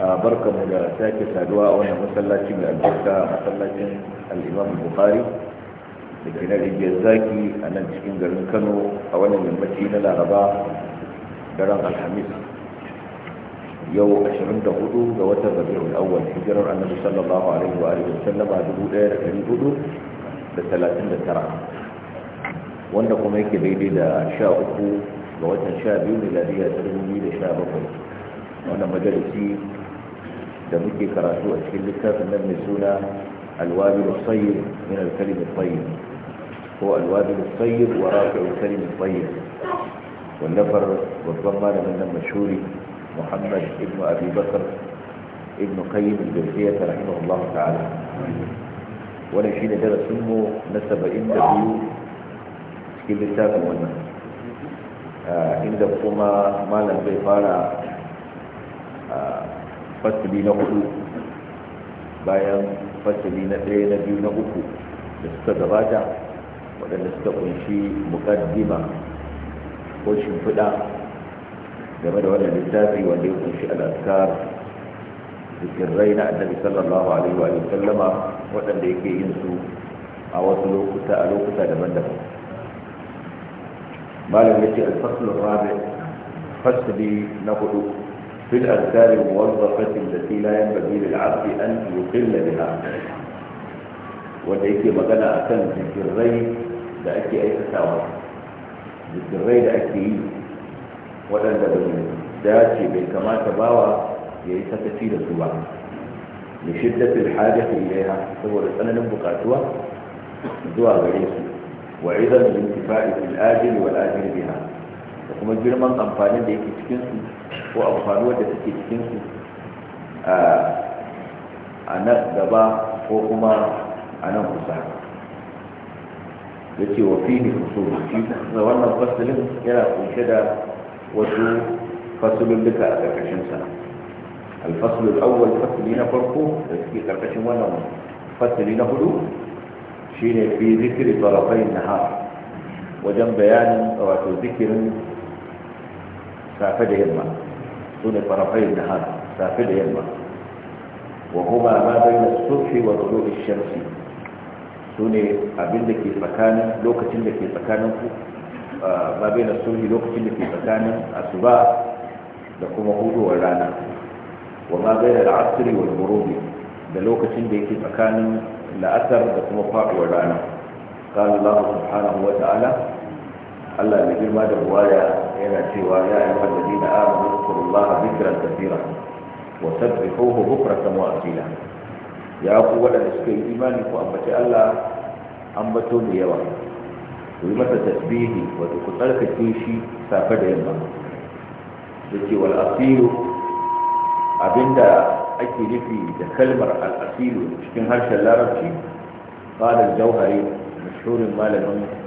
barka mu da sake saduwa a wannan masallacin da albarka masallacin al'imam bukhari da ke na rigiyar zaki a nan cikin garin kano a wannan yammaci na laraba daren alhamis yau 24 ga watan rabi'ul awwal hijirar annabi sallallahu alaihi wa alihi wasallam a 1439 wanda kuma yake daidai da 13 ga watan 12 miladiya 2017 wannan majalisi da muke karatu a cikin littafin nan mai suna alwabil sayyid min al-kalim at-tayyib ko alwabil sayyid wa rafi'u al-kalim at-tayyib wallafar babban malamin nan mashhuri Muhammad ibn Abi Bakr ibn Qayyim al-Jawziyyah rahimahullahu ta'ala wannan shine darasin mu na 72 cikin littafin wannan inda kuma malam zai fara fasili na hudu bayan fasili na ɗaya na biyu na uku da suka gabata waɗanda suka kunshi mukaddima ko shimfiɗa game da wannan littafi wanda ya kunshi al'askar zikirai na annabi sallallahu alaihi wa sallama waɗanda yake yin su a wasu lokuta a lokuta daban-daban malam ya ce alfasulun rabi fasili na hudu في الأذكار الموظفة التي لا ينبغي للعبد أن يقل بها وليك مغنى أكن ذكرين لأكي أي تساوى ذكرين لأكي ولن دبني داتي بالكما تباوى يأيسا تسير الزبا لشدة الحاجة إليها هو لسنة نبقاتها زوا غريس وعظم الانتفاع في الآجل والآجل بها وكما جرمان أنفانا ديكي تكنسي ko amfanuwar da take cikinsu a nan gaba ko kuma a nan kusa ya ce wa fi ne kuso shi wannan fasalin yana kunshe da wasu fasalin duka a ƙarƙashinsa alfasalin awwal fasali na farko da suke ƙarƙashin wannan fasali na hudu shine fi zikirin tsarafai na wajen bayanin wato zikirin safe da yamma su ne farafai da har safe da yamma wa kuma ma bai na sufi wa zuwa shamsi su ne abin da ke tsakanin lokacin da ke tsakanin ku ma bai na sufi lokacin da ke tsakanin asuba da kuma hudowar rana wa ma bai na la'asiri wa gurubi da lokacin da yake tsakanin la'asar da kuma faɗuwar rana قال الله سبحانه وتعالى الله يجيب ما دعوايا إلى سوى يا أيها الذين آمنوا اذكروا الله ذكرا كثيرا وسبحوه بكرة وأصيلا يا أخو ولا نسكي إيمانك وأمتي الله أمتون يوا ويما تتسبيه وتكتلك تيشي سافد يما ذكي والأصيل أبندا أكي لفي تكلمر الأصيل مش كنهاش اللارب قال الجوهري مشهور ما لنمه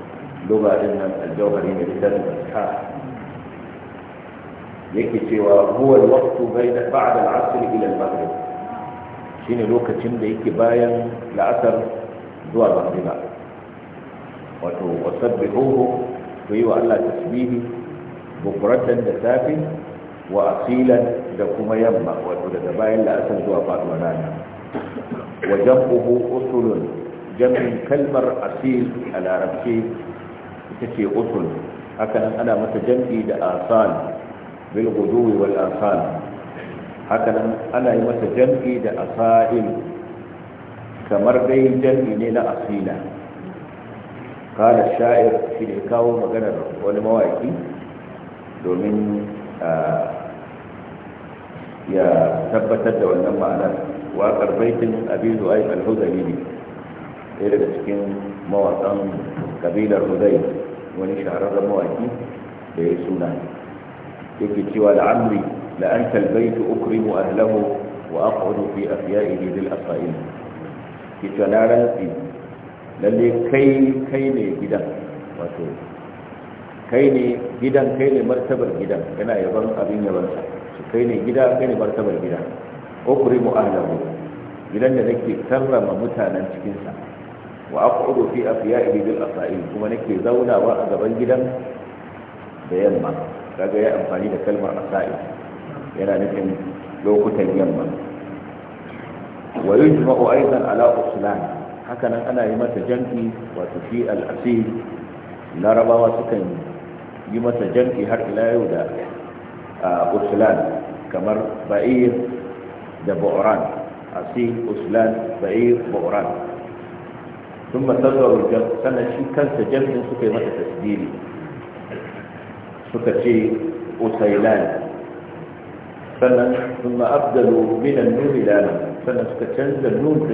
Lubarin nan إن ne مثال الإسحاق yake cewa huwa alwaqtu bayna ba'da al-'asr ila al-maghrib shine lokacin da yake bayan la'asar zuwa maghriba wato wasabbihuhu ku yi wa Allah tasbihi bukuratan da safi wa asilan da kuma yamma wato daga bayan la'asar zuwa faduwar rana wa jam'uhu usulun jam'in kalmar asil a larabci ita ce usul haka nan ana mata jam'i da asan bil guduwi wal asan haka nan ana yi mata jam'i da asail kamar dai jam'i ne na asila kala sha'ir shi ne kawo maganar wani mawaki domin ya tabbatar da wannan ma'anar waƙar baitin abin zuwa al-huzari ne ɗaya daga cikin mawaƙan kabilar hudai wani shahararren mawaki da ya suna yake cewa la'amri la'anta albaitu ukrimu ahlahu wa aq'udu fi afya'ihi bil asfa'il ki tanaran rantsi lalle kai kai ne gidan wato kai ne gidan kai ne martabar gidan yana yaban abin yabansa su kai ne gida kai ne martabar gidan. gida mu ahlahu gidan da nake karrama mutanen cikinsa wa aqudu fi afya'ihi a asa'il kuma nake zaunawa a gaban gidan da yamma kaga ya amfani da kalmar asa'il yana nufin lokutan yamma wa yujma'u aidan ala uslan haka nan ana yi masa janki wato fi al larabawa sukan yi masa janki har ila yau da uslan kamar ba'ir da bu'ran asil uslan ba'ir bu'ran ثم صدروا الجمع سنة شي كان سجمع سكي متى تسجيلي سكتي أسيلان سنة ثم أبدلوا من النور لاما سنة سكتشنز النور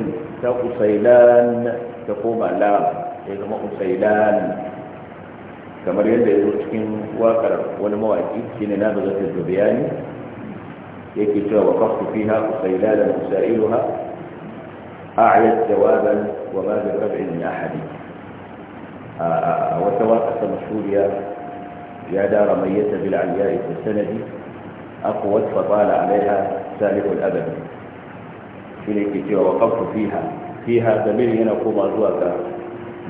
أسيلان تقوم لام إذا ما أسيلان kamar yadda ya zo cikin wakar wani mawaki shi ne na da zata zuriyani yake cewa wa kafu fiha usailalan usailuha أعيد جوابا وما بالرفع من أحد وتواقف مشهوريا يا دار من يتبع العلياء في السند أقوت فطال عليها سالف الأبد في الكتير وقفت فيها فيها زميل هنا قوم أزواك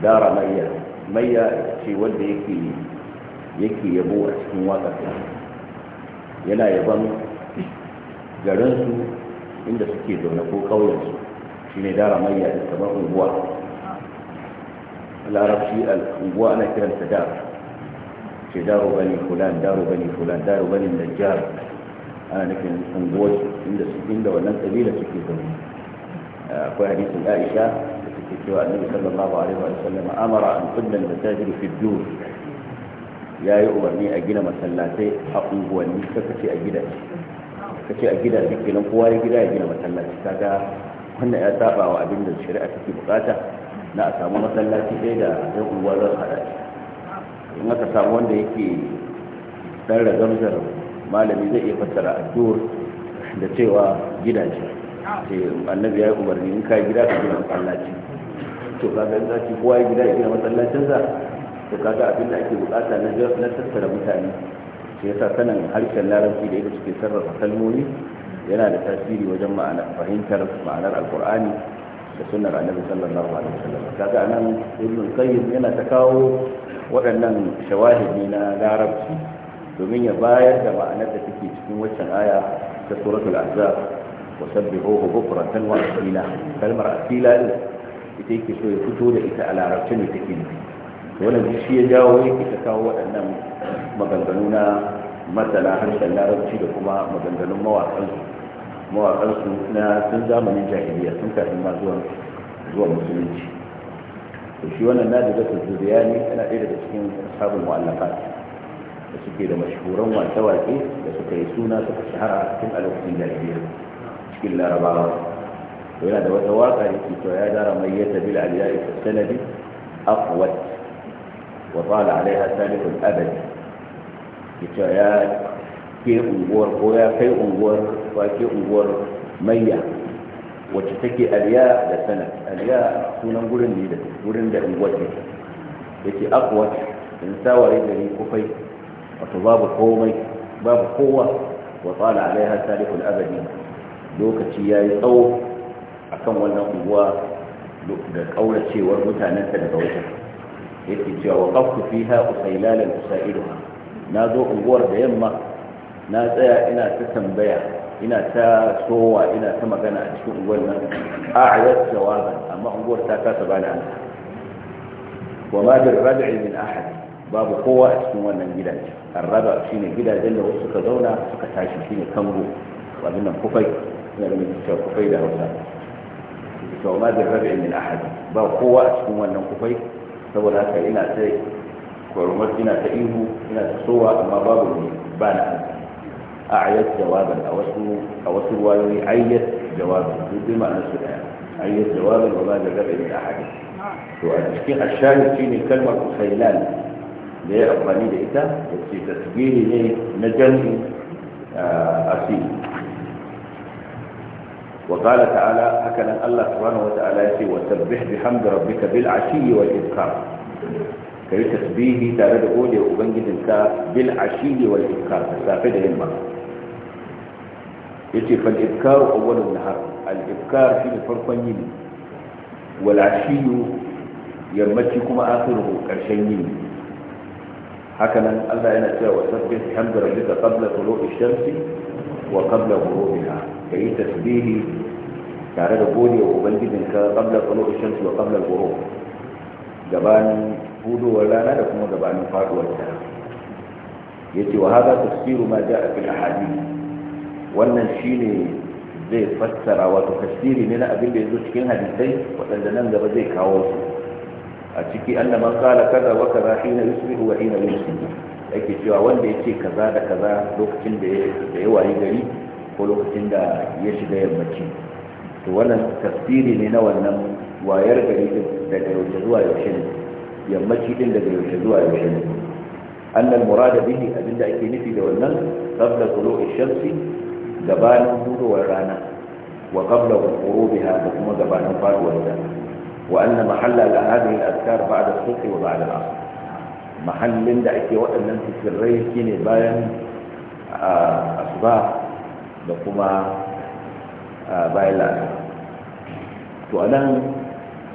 دار مية مية شي ولد يكي يكي يبو أسكن واقف yana yaban garinsu inda suke zaune ko ƙauyensu في دار مية تتبقى انبواء العرب في الانبواء نكرا تدار في دار بني فلان دار بني فلان دار بني النجار انا لكن انبواء عند سبين دولا تبيل سكيت اقوى آه، حديث الآئشة سكيت النبي صلى الله عليه وسلم امر ان كل المساجد في الدور يا يؤمرني اجينا مسلاتي حق انبواء نكتا كتي اجينا كتي اجينا بكي نمقوا يجينا مسلاتي كتا wannan ya saba wa abin da shari'a take bukata na a samu masallaci dai da ya kuwa zan hada in aka samu wanda yake dan ragamzar malami zai iya fassara addu'ar da cewa gidaje eh, annabi ya yi umarni in ka gida ka gina masallaci to kaga in zaki kowa ya gida ya gina masallacinsa to ga abin da ake bukata na tattara mutane shi yasa sanin harshen larabci da yake suke sarrafa kalmomi yana da tasiri wajen ma'ana fahimtar ma'anar alkur'ani da sunnar annabi sallallahu alaihi wasallam kaga anan ibn qayyim yana ta kawo waɗannan shawahidi na larabci domin ya bayar da ma'anar da take cikin waccan aya ta suratul ahzab wa sabbihuhu bukratan wa asila kalmar asila ita yake so ya fito da ita a larabci ne take nufi wannan shi ya jawo yake ta kawo waɗannan maganganu na masana harshen larabci da kuma maganganun mawaƙansu mawaƙansu na sun zamanin jahiliya sun kafin ma zuwa musulunci to shi wannan nadi da zuriya ne yana ɗaya daga cikin sabon mu'allafat da suke da mashahuran wake-wake da suka yi suna suka shahara cikin alwakacin jahiliya cikin larabawa to yana da wata waka da ke ya dara mai yadda bil aliyayi ta sanadi akwat wa tsala alaiha salifin abadi ke ya ke unguwar ko ya kai unguwar ba ke unguwar mayya wacce take aliya da sana aliya sunan gurin ne da gurin da unguwar ne ya yake akwat in saware gari kufai wato babu komai babu kowa wa tsala alaiha tarihul abadi lokaci ya yi tsawo akan wannan unguwa da mutanen ta daga wata wajen yake cewa waqaftu fiha usailalan usailuha na zo unguwar da yamma na tsaya ina ta tambaya ina ta sowa ina ta magana a cikin unguwar nan a ayat jawaban amma unguwar ta kasa bani an wa ma bir rad'i ahad babu kowa a cikin wannan gidan arraba gidajen da suka zauna suka tashi kango nan kufai da mutum kufai da Hausa to ma ahad ba kowa a cikin wannan kufai saboda haka ina ta kwarumar ina ta ihu ina ta sowa amma babu ne ba na أعيت جوابا أو سروايوي أعيت جوابا بما نسل أعيت جوابا وما جذب إلى أحد وأشكين الشاهد فيني كلمة خيلان ليه أقراني لإتا وفي تسجيل ليه آه، أسيل وقال تعالى هكذا الله سبحانه وتعالى وسبح بحمد ربك بالعشي والإذكار كي تسبيه تارد أولي وبنجد انت بالعشي والإذكار تسافد همك yace fal ibkaru awwalun nahar al ibkar shine farkon yini wal ashiyu yammaci kuma akhiruhu karshen yini haka nan Allah yana cewa wa sabbih hamda rabbika qabla tulu'i shamsi wa qabla ghurubiha kayi tasbihi tare da gode wa ka qabla tulu'i shamsi wa qabla ghurub gabanin hudowar rana da kuma gabanin faduwar ta yace wa hada tafsiru ma ja'a fil ahadith wannan shine zai fassara wato tafsiri ne na abin da ya zo cikin hadisai waɗanda nan gaba zai kawo su a ciki an man kala kaza wa kaza hina yusbihu wa hina yumsi yake cewa wanda ya ce kaza da kaza lokacin da ya wayi gari ko lokacin da ya shiga yammaci to wannan tafsiri ne na wannan wayar gari din daga yaushe zuwa yaushe ne yammaci din daga yaushe zuwa yaushe ne annal murada bihi abinda ake nufi da wannan qabla tulu'i shamsi gabanin hudowar rana wa qabla ghurubiha da kuma gabanin faduwar rana wa anna mahalla la hadhihi al-azkar ba'da as-subh wa ba'da al-'asr mahallin da ake waɗannan fikirrai ne bayan asuba da kuma bayan la'asar to nan,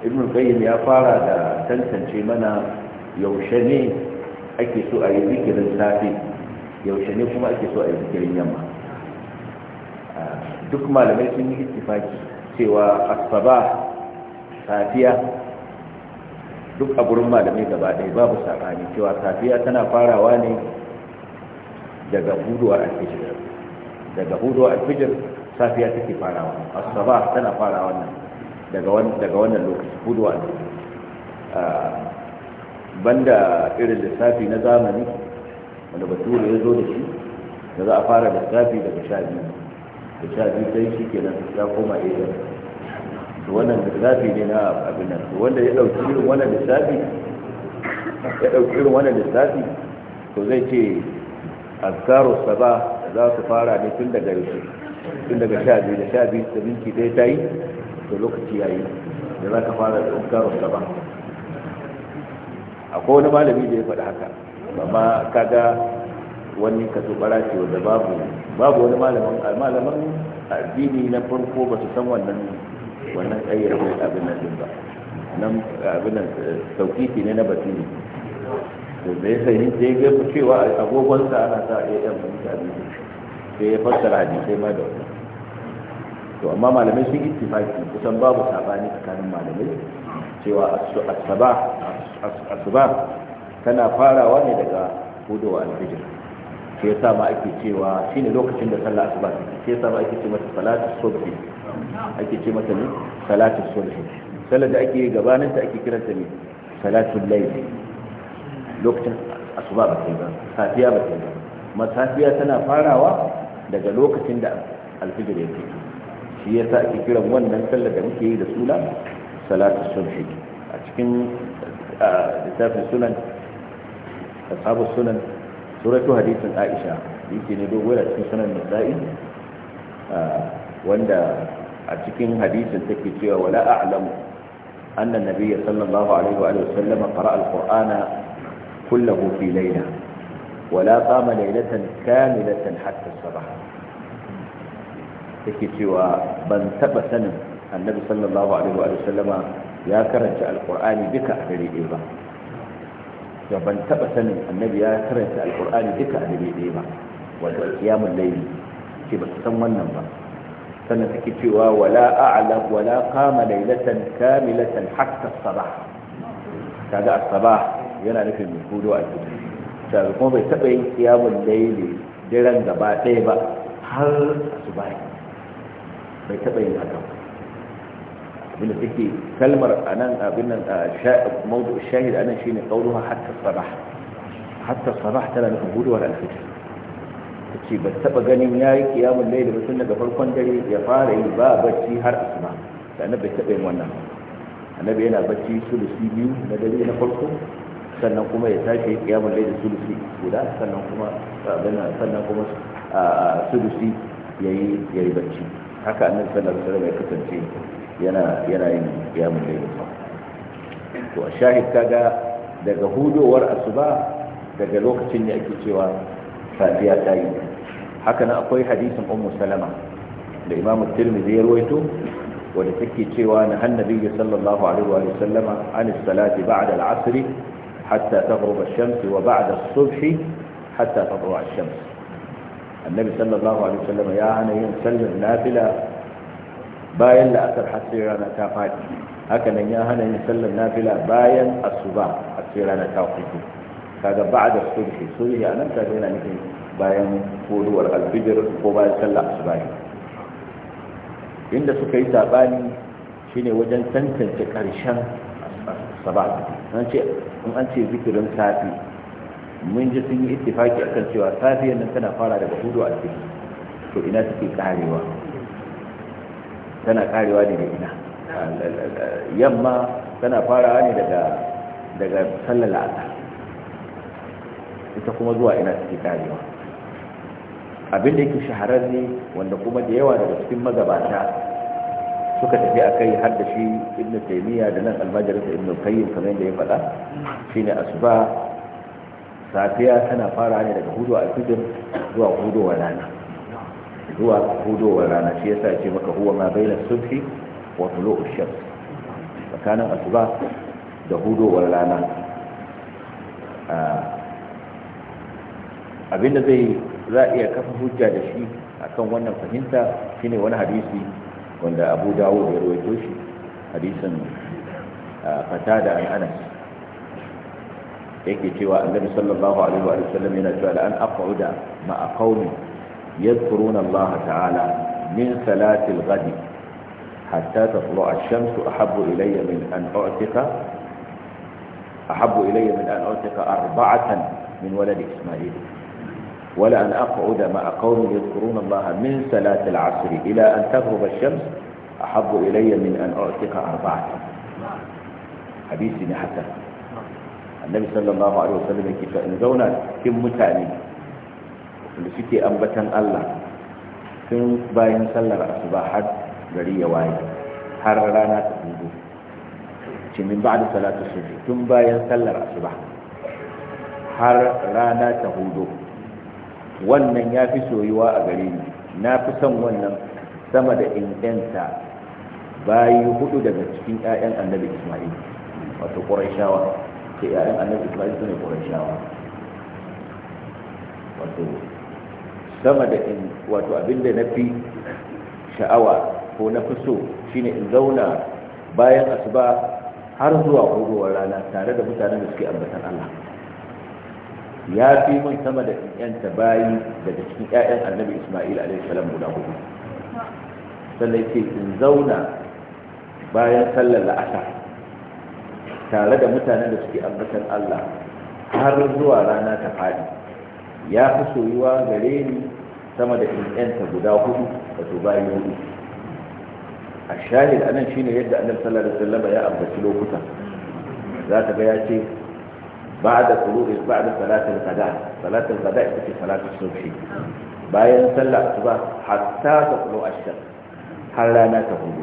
ibn qayyim ya fara da tantance mana yaushe ne ake so a yi zikirin safe yaushe ne kuma ake so a yi zikirin yamma duk malamai sun yi ittifaki cewa asaba safiya duk a gurin malamai gaba ɗaya babu saɓani cewa safiya tana farawa ne daga huduwar alfijir daga huduwar alfijir safiya take farawa asaba tana farawa nan daga wannan lokaci huduwar alfijir banda irin lissafi na zamani wanda bature ya zo da shi da za a fara lissafi daga sha biyu da sha biyu sai shi kenan ya koma idan to wannan lissafi ne na abin nan to wanda ya ɗauki irin wannan lissafi ya dauki irin wannan lissafi to zai ce azkaru saba za su fara ne tun daga tun daga sha biyu da sha biyu da minti ɗaya ta yi to lokaci ya yi da za ka fara da azkaru saba akwai wani malami da ya faɗi haka amma kaga wani kaso bara ce wanda babu babu wani malamin malamin addini na farko ba su san wannan wannan tsayyar mai abin nan din ba nan abin nan sauƙiƙi ne na batini to da yasa yin da ya ga cewa agogonsa ana sa a yan mutane sai ya fassara sai ma da wannan to amma malamai sun ittifaki kusan babu sabani tsakanin malamai cewa asuba tana farawa ne daga hudu wa alfijir shi yasa ma ake cewa shine lokacin da sallah asuba take shi yasa ma ake ce mata salatu subhi ake ce mata ne salatu subhi sallar da ake gabanin ta ake kiranta ne salatu layl lokacin asuba ba ta ba safiya ba ta ba masafiya tana farawa daga lokacin da alfijir yake shi yasa ake kiran wannan sallar da muke yi da sula salatu subhi a cikin littafin sunan ashabu sunan suratu hadisin aisha yake ne dogon a cikin sunan nisa'i wanda a cikin hadisin take cewa wala a'lamu anna nabiyya sallallahu alaihi wa sallam qara'a alqur'ana kullahu fi layla wala qama laylatan kamilatan hatta sabah take cewa ban taba sanin annabi sallallahu alaihi wa sallama ya karanta alqur'ani duka a dare ɗaya ba da ban taba sanin annabi ya karanta alkur'ani duka a dare ɗaya ba wato alkiyamun laili ce ba su san wannan ba sannan take cewa wala a'lam wala qama laylatan kamilatan hatta sabah kaga as-sabah yana nufin hudu a cikin sai kuma bai taba yin kiyamun laili daren gaba ɗaya ba har asubahi bai taba yin haka ba abinda take kalmar nan abin nan mawdu shahid anan shine qawluha hatta sabah hatta sabah tana nufin guduwar alfitr ce ba taɓa ganin ya yi kiyamul layl ba tun daga farkon dare ya fara yi ba bacci har asma da bai taɓa yin wannan annabi yana bacci sulusi biyu na dare na farko sannan kuma ya tashi kiyamul layl sulusi guda sannan kuma abin sannan kuma sulusi yayi yayi bacci haka annabi sallallahu alaihi wasallam ya kasance yana yana yin kiyamun lailin sa to a shahid kaga daga hudowar asuba daga lokacin ne ake cewa safiya ta yi haka akwai hadisin ummu salama da imamu tirmidhi ya ruwaito wanda take cewa na annabi sallallahu alaihi wa sallama an salati ba'da al hatta taghrub ash-shams wa ba'da as-subh hatta tatlu ash-shams annabi sallallahu alaihi wa sallama ya hana yin sallar nafila bayan la'asar har sai rana ta faɗi haka nan ya hana yin sallar nafila bayan asuba har rana ta fito kaga ba'da sulhi sulhi anan kaga yana nufin bayan koduwar alfijir ko bayan sallar asuba inda suka yi sabani shine wajen tantance karshen saba an ce in an ce zikirin safi mun ji sun yi ittifaki akan cewa safiyar nan tana fara daga hudu alfijir to ina suke karewa tana karewa ne da ina yamma tana farawa ne daga sallar ita kuma zuwa ina suke karewa abin da yake shahararre wanda kuma da yawa daga cikin magabata suka tafi a kai har da shi ibn taimiyya da nan almajirinsa ibn qayyim kamar yadda ya faɗa shine asuba safiya tana fara ne daga hudu alfijir zuwa hudu wa rana zuwa hudowar rana shi yasa ce maka huwa ma baina subhi wa tulu'u shams tsakanin asuba da hudowar rana abinda zai za a iya kafa hujja da shi akan wannan fahimta shine wani hadisi wanda abu dawo ya rawaito shi hadisin fatada an anas yake cewa annabi sallallahu alaihi wa sallam yana cewa an aqauda ma qaumin يذكرون الله تعالى من صلاة الغد حتى تطلع الشمس أحب إلي من أن أعتق أحب إلي من أن أعتق أربعة من ولد إسماعيل ولا أن أقعد مع قوم يذكرون الله من صلاة العصر إلى أن تغرب الشمس أحب إلي من أن أعتق أربعة حديث حسن النبي صلى الله عليه وسلم كيف أنزونا كم متاني da suke ambatan Allah sun bayan sallar asuba har gari ya waye har rana ta hudu ce min ba da salatu sufi tun bayan sallar asuba har rana ta hudu wannan ya fi soyuwa a gare ni na fi son wannan sama da inganta bayi hudu daga cikin 'ya'yan annabi ismail wato ƙurashawa ke 'ya'yan annabi ismail su ne ƙurashawa wato sama da in wato abinda na fi sha'awa ko na fi so shine in zauna bayan asuba har zuwa hudowar rana tare da mutanen da suke ambatan Allah ya fi mun sama da yanta bayi daga cikin 'ya'yan annabi Isma'il alaihi salam guda hudu sannan ce in zauna bayan sallar la'asa, tare da mutanen da suke ambatan Allah har zuwa rana ta fadi ya fi soyuwa gare ni sama da ƴaƴanta guda hudu wato bayi hudu a shahid anan shine yadda annabi sallallahu alaihi wasallam ya ambaci lokuta. za ka ga ya ce ba'da ba da salatil qada salatil qada ita ce salatul subhi bayan sallah asuba hatta ta tsulo ashar har rana ta hudu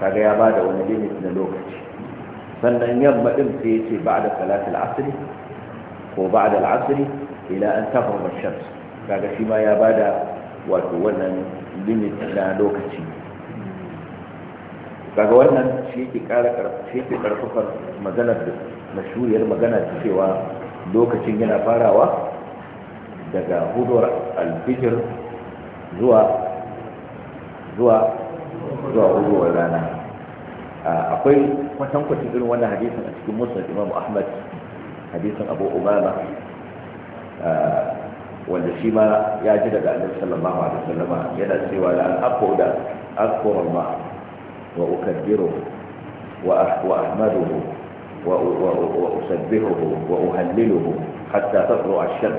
kaga ya ba da wani limit na lokaci sannan yamma din sai ya ce ba da salatul asri ko ba'da al-asri ila an tafara shams kaga shi ma ya bada wato wannan limit na lokaci kaga wannan shi ke kara shi ke karfafar maganar da mashuriyar magana cewa lokacin yana farawa daga huduwar alfijir zuwa zuwa zuwa huduwar rana akwai kwatankwacin irin wannan hadisin a cikin musulun imamu ahmad hadisin abu umama wanda shi ma ya ji daga annabi sallallahu alaihi wasallam yana cewa la aquda aqur ma wa ukabbiru wa wa ahmaduhu wa wa usabbihuhu wa uhalliluhu hatta tatlu ash-shams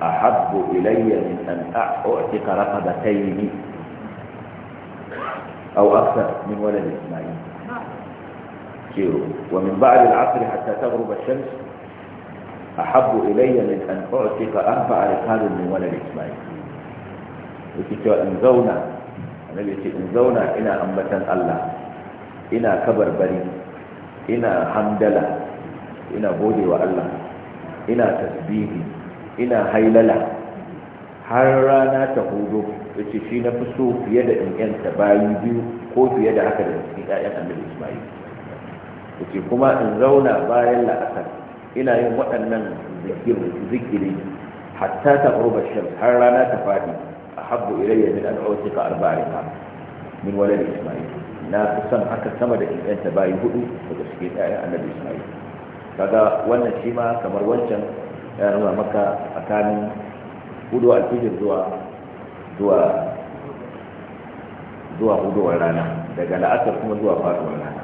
ahabbu ilayya min an a'tika raqabatayn aw akthar min walad isma'il ومن بعد العصر حتى تغرب الشمس ahabbu ilayya min an u'tika arba'a riqabin min walad isma'il yake cewa in zauna annabi yace in zauna ina ambatan Allah ina kabarbari ina hamdala ina gode wa Allah ina tasbihi ina hailala har rana ta hudu yace shi na fi so fiye da in yanta bayi biyu ko fiye da haka da cikin ƴaƴan annabi Isma'il yace kuma in zauna bayan la'asar ina yin waɗannan zikiri hatta ta ƙurba shirin har rana ta fadi a habbu irayya min al'auci ka arba'in ha min wale da isma'il na fi son haka sama da inganta bayi hudu daga suke cikin a annabi isma'il kaga wannan shi ma kamar wancan ya nuna maka a kanin hudu alfijir zuwa zuwa zuwa hudu rana daga la'asar kuma zuwa faruwar rana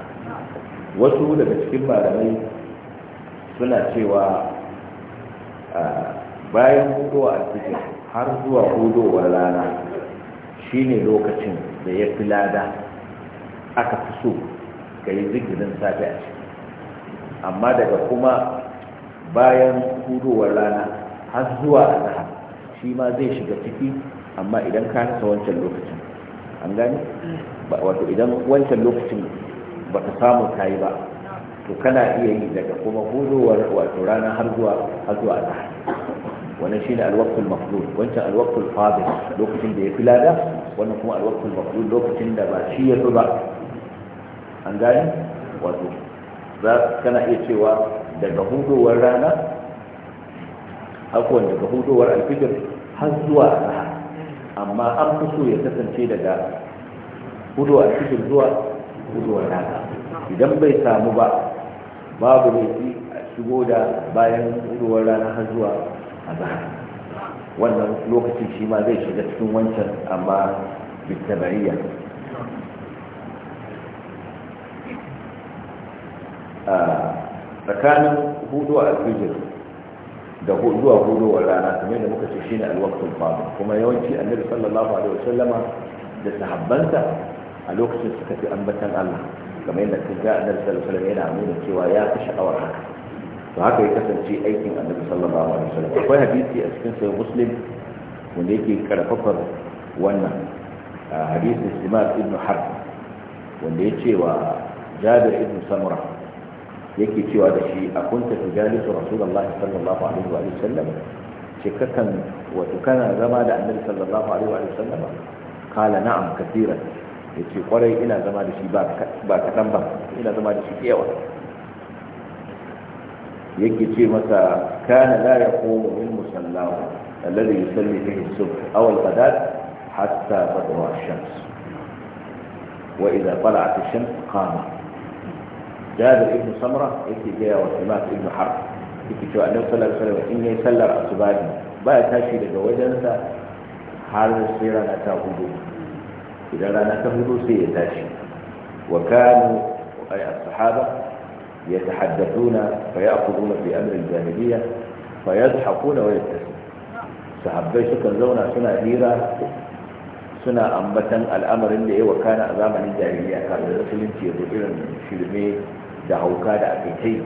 wasu daga cikin malamai suna cewa bayan hudu a cikin har zuwa hudu wa rana shine lokacin da ya fi lada aka fi so ka yi zikirin safe a ciki amma daga kuma bayan hudu wa rana har zuwa a azhar shi ma zai shiga ciki amma idan ka rasa wancan lokacin an gani wato idan wancan lokacin ba ka samu yi ba to kana iya yi daga kuma hudowar wato rana har zuwa har zuwa azhar wannan shine alwaqtul mafdud wancan alwaqtul fadil lokacin da ya fi lada wannan kuma alwaqtul mafdud lokacin da ba shi ya ba an gane wato za kana iya cewa daga hudowar rana akwai daga hudowar alfijir har zuwa azhar amma an fi so ya kasance daga hudowar alfijir zuwa hudowar rana idan bai samu ba babu laifi a shigo da bayan ruwan rana har zuwa a zahar wannan lokacin shi ma zai shiga cikin wancan amma bitabariya a tsakanin hudu a alfijir da zuwa hudu wa rana kamar da muka ce shine alwaqtul fadil kuma yawanci annabi sallallahu alaihi wasallama da sahabbansa a lokacin suka fi ambatan Allah kamar yadda kun ga annabi sallallahu alaihi wasallam yana nuna cewa ya fi sha'awar haka to haka ya kasance aikin annabi sallallahu alaihi wasallam akwai hadisi a cikin sahih muslim wanda yake karfafar wannan hadisi Simak ibn Harb wanda ya cewa wa Jabir ibn Samura yake cewa da shi a kunta tujalisu Rasulullah sallallahu alaihi wa sallam ce kakan wato kana zama da annabi sallallahu alaihi wa sallam kala na'am kathiran ya ce kwarai ina zama da shi ba kaɗan ba ina zama da shi yawa yake ce masa kana la ya komo min musallahu alladhi yusalli fihi subh aw al-ghadat hatta tadwa ash-shams wa idha tala'at ash-shams qama jabir ibn samra yake ga wa salat ibn harb yake cewa annabi sallallahu alaihi wasallam in yayi sallar asubahi ba ya tashi daga wajensa har sai rana ta hudu idan rana ta hudu sai ya tashi wa kanu ay as-sahaba yatahaddathuna fa ya'khuduna fi amri al-jahiliyya fa yadhhakuna wa yabtasun sahabbai suka zauna suna hira suna ambatan al'amarin da ya wakana a zamanin jahiliya kafin musulunci ya zo irin shirme da hauka da kai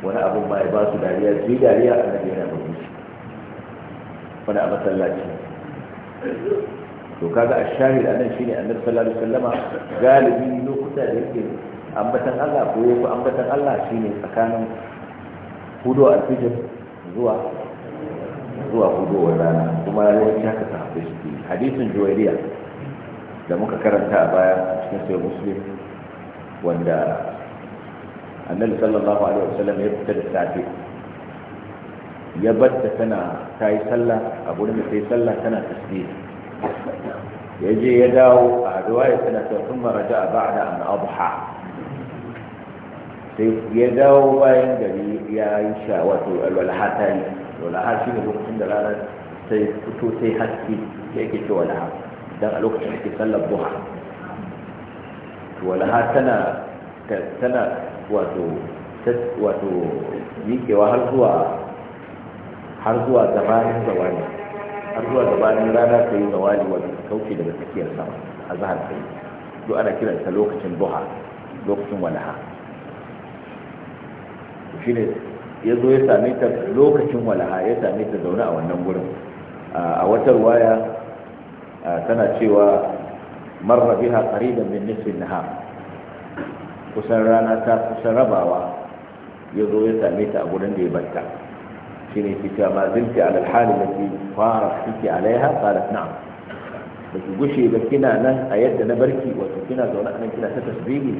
wani abin ma ya ba su dariya su yi dariya a nan yana wani a masallaci to kaga a shahid anan shine annabi sallallahu alaihi wasallama galibi lokuta da yake ambatan Allah ko yafi ambatan Allah shine tsakanin hudu alfijir zuwa zuwa hudu a rana kuma yawanci haka sahabbai suke hadisin juwairiya da muka karanta a baya cikin sai muslim wanda annabi sallallahu alaihi wasallam ya fita da safe ya batta tana ta yi sallah a gurin da ta yi sallah tana tasbih ya je ya dawo a ya tana cewa sun maraja a ba'da an abha sai ya dawo bayan gari ya yi sha wato alwalha ta yi walha shi ne lokacin da rana sai fito sai haske sai yake ce walha dan a lokacin da ke sallar buha walha tana tana wato wato miƙewa har zuwa har zuwa gabanin zawani har zuwa gabanin rana ta yi zawali wanda ta kauce daga tsakiyar sama a zahar ta yi duk ana kiranta lokacin duha lokacin walaha ya zo ya same ta lokacin walaha ya same ta zaune a wannan gurin a wata waya tana cewa marra biha qariban min nisfin nahar kusan rana ta kusan rabawa ya zo ya same ta a gurin da ya batta shine ke cewa ma zinti ala alhali lati fara kike alaiha qalat na'am da ki gushe ba kina nan a yadda na barki wato kina zaune a nan kina ta tasbihi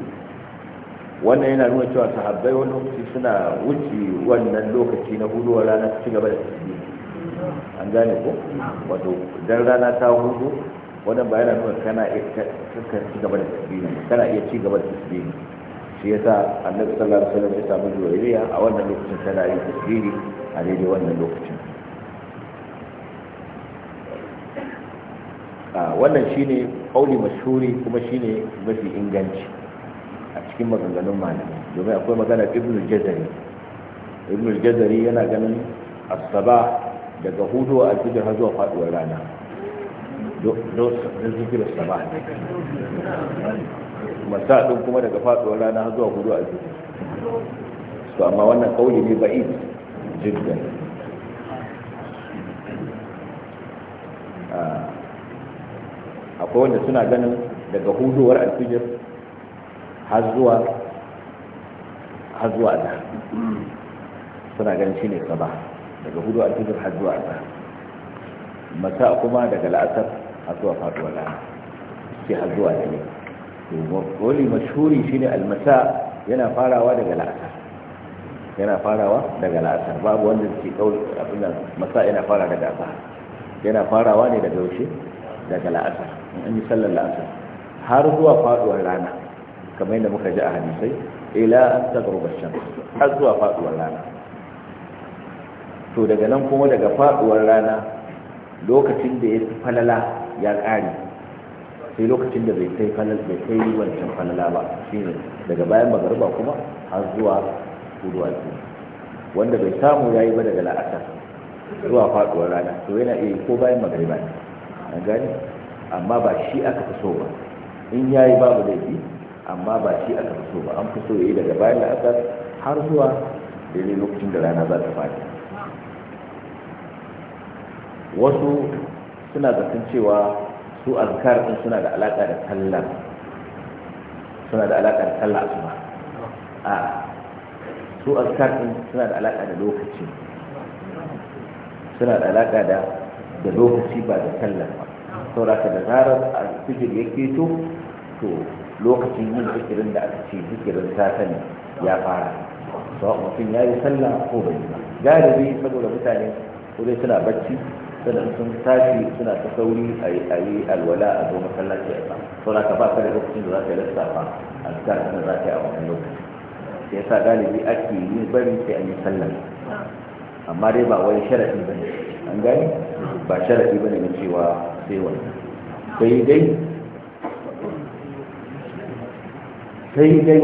wannan yana nuna cewa sahabbai wani lokaci suna wuce wannan lokaci na huduwar rana su ci gaba da tasbihi an gane ko wato dan rana ta hudu wannan ba yana nuna kana iya ci gaba da tasbihi kana iya ci gaba da tasbihi shi yasa annabi sallallahu alaihi wasallam ya samu juriya a wannan lokacin tana yin tasbihi a daidai wannan lokacin wannan shine kauli mashhuri kuma shine mafi inganci a cikin maganganun malamai domin akwai magana ibnu jazari ibnu jazari yana ganin asaba daga hudu a cikin har zuwa faduwar rana don zikir asaba masadin kuma daga faduwar rana har zuwa hudu a cikin to amma wannan kauli ne ba'id jidda ah, akwai wanda suna ganin daga hudowar alfijir har zuwa har zuwa azhar suna ganin shine sabah daga hudu alfijir har zuwa azhar masa kuma daga la'asar har zuwa faduwa rana ce har zuwa dare domin koli mashhuri shine almasa yana farawa daga la'asar yana farawa daga la'asar babu wanda ke kauri abin masa yana fara daga asar yana farawa ne daga yaushe daga la'asar in an yi sallar la'asar har zuwa faduwar rana kamar yadda muka ji a hadisai ila an tagruba shams har zuwa faduwar rana to daga nan kuma daga faduwar rana lokacin da ya fi falala ya ƙare, sai lokacin da bai kai wancan falala ba shine daga bayan magariba kuma har zuwa kuruwa ke wanda bai samu ya yi ba daga la'asar zuwa faduwar rana to yana iya ko bayan magariba ne an gani amma ba shi aka fi so ba in ya yi babu laifi amma ba shi aka fi so ba an fi so ya yi daga bayan la'asar har zuwa daidai lokacin da rana za ta fadi wasu suna zaton cewa su alkar din suna da alaka da sallah suna da alaka da sallah asuba a su azkar din suna da alaka da lokaci suna da alaka da lokaci ba da sallah ba sauraka da zarar a alfijir ya keto to lokacin yin zikirin da aka ce zikirin ta ne ya fara sau mutum ya yi sallah ko bai ba galibi saboda mutane ko dai suna bacci sannan sun tashi suna ta sauri a yi alwala a zo masallaci a ba sauraka ba ka da lokacin da za ka yi lissafa a zikar da za ka yi a wannan lokacin ya sa galibi ake yi bari sai an yi sallar amma dai ba wani sharafi ba ne an gani ba sharafi ba ne na cewa sai wani sai dai sai dai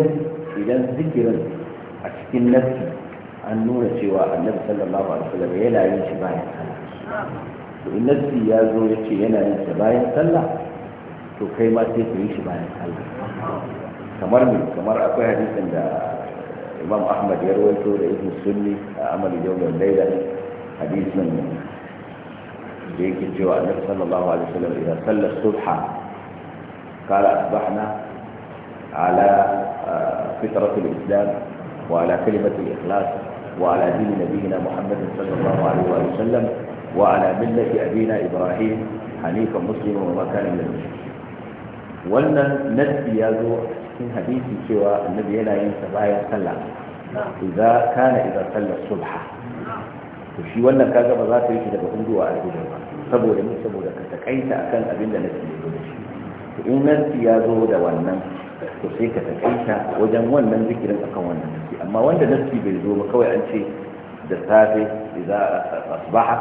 idan zikirin a cikin nafsi an nuna cewa annabi sallallahu alaihi wasallam yana yin shi bayan sallah to in nafsi ya zo ya ce yana yin shi bayan sallah to kai ma sai ku yi shi bayan sallah kamar me kamar akwai hadisin da الإمام أحمد يرويته رئيس السني عمل اليوم والليلة حديث من ذيك الجوع النبي صلى الله عليه وسلم إذا صلى الصبح قال أصبحنا على فطرة الإسلام وعلى كلمة الإخلاص وعلى دين نبينا محمد صلى الله عليه وسلم وعلى ملة أبينا إبراهيم حنيفا مسلما وما كان من المشركين. ولن نتبي يا cikin hadisi cewa annabi yana yin sa bayan sallah idza kana idza salla subha to shi wannan kaga ba za ta yi shi daga hudu a alhuda ba saboda ni saboda ka takaita akan abin da nake yi da shi to in nasi ya zo da wannan to sai ka takaita wajen wannan zikirin akan wannan nasi amma wanda nasi bai zo ba kawai an ce da safe idza asbaha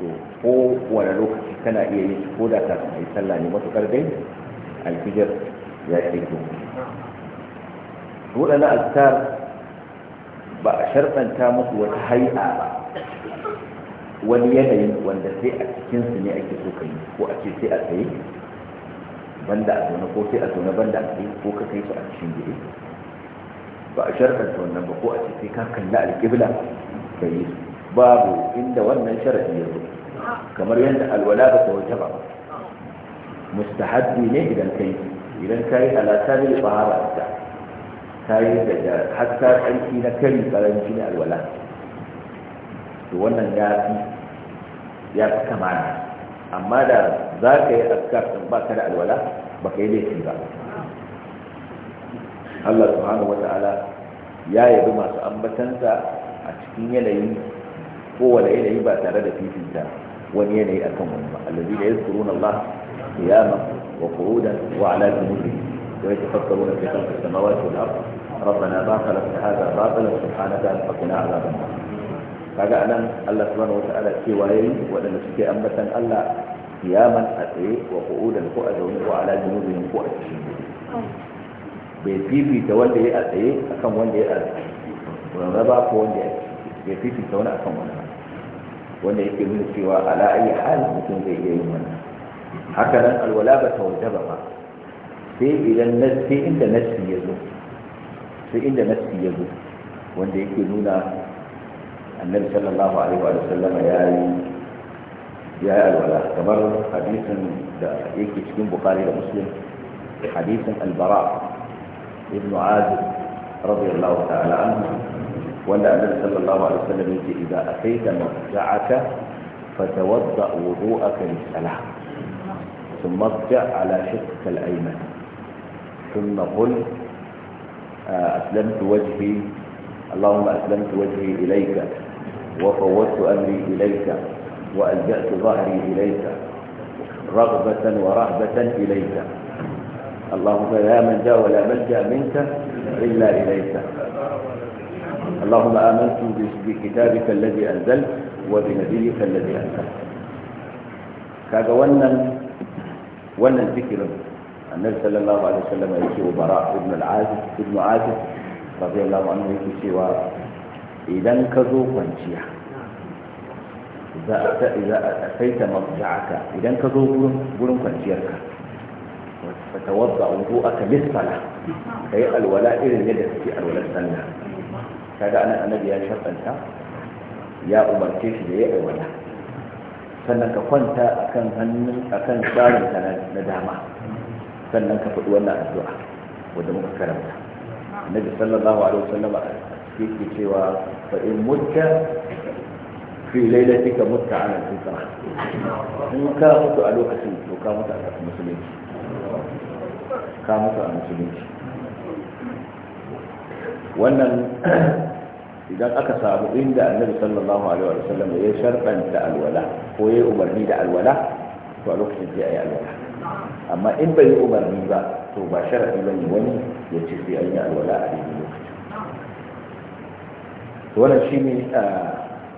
to ko wani lokaci kana iya yi ko da kafin a yi sallah ne matukar dai alfijar ya fito waɗannan azkar ba a sharɗanta musu wata hai'a ba wani yanayin wanda sai a cikinsu ne ake so kai ko a ce sai a tsaye banda a zaune ko sai a zaune banda a tsaye ko ka kai su a cikin gidi ba a sharɗanta wannan ba ko a ce sai ka kalli alƙibla ka yi su babu inda wannan sharadi ya zo kamar yadda alwala ba ta waje ba mustahabbi ne idan kai idan ka yi halata ne ba hara ta ka yi daga hatta tsarki na kari karanci na alwala to wannan ya fi ya fi kamana amma da za ka yi askar ba ka da alwala ba ka yi laifi ba Allah subhanahu wata'ala ya yabi masu ambatansa a cikin yanayi kowane yanayi ba tare da fifinta wani yanayi akan wani ba allazi Allah qiyaman وقعودا وعلى جنوبهم ويتفكرون في خلق السماوات والأرض ربنا ما خلقت هذا باطلا سبحانك أنفقنا عذاب النار kaga anan Allah subhanahu wataala cewa yayi wadanda suke ambatan Allah kiyaman a tsaye wa qu'udan ko a zaune wa ala junubin ko a cikin bai fifita wanda ya a tsaye akan wanda ya a zaune ba ko wanda ya bai fifita wani akan wani wanda yake nuna cewa ala ayi hal mutum zai iya yin wannan haka nan alwala ba ta wajaba ba sai idan sai inda nassi ya zo sai inda nassi ya zo wanda yake nuna annabi sallallahu alaihi wa sallam ya yi ya yi alwala kamar hadisin da yake cikin bukari da muslim hadisin albara ibn azib radiyallahu ta'ala anhu wanda annabi sallallahu alaihi wa sallam yake idan akaita mafja'aka fatawadda wudu'aka lis-salah ثم ارجع على شقك الأيمن ثم قل آه، أسلمت وجهي اللهم أسلمت وجهي إليك وفوضت أمري إليك وألجأت ظهري إليك رغبة ورهبة إليك اللهم لا جاء ولا ملجا منك إلا إليك اللهم آمنت بكتابك الذي أنزلت وبنبيك الذي أنزلت كاغا wannan zikirin annabi sallallahu alaihi wasallam ya ce wa bara ibn al-azib ibn azib radiyallahu anhu yake cewa idan ka zo kwanciya za ta iza a saita mabda'aka idan ka zo gurin gurin kwanciyarka fa tawadda aka lis ka yi alwala irin yadda suke alwalar sallah kaga anan annabi ya shartanta ya umarce shi da ya alwala sannan ka kwanta a kan hannun kan tsarin ka na dama sannan ka faɗi wannan addu'a wanda muka karanta annabi sallallahu alaihi wasallam yake cewa mutka fi mutta fi mutka mutta ala sama in ka mutu a lokacin to ka mutu a musulunci ka mutu a musulunci wannan idan aka samu inda annabi sallallahu alaihi wa sallam ya sharɗanta alwala ko ya umarni da alwala to a lokacin sai a yi alwala amma in bai yi umarni ba to ba sharaɗi ba ne wani ya ce sai an yi alwala a daidai lokacin wannan shi ne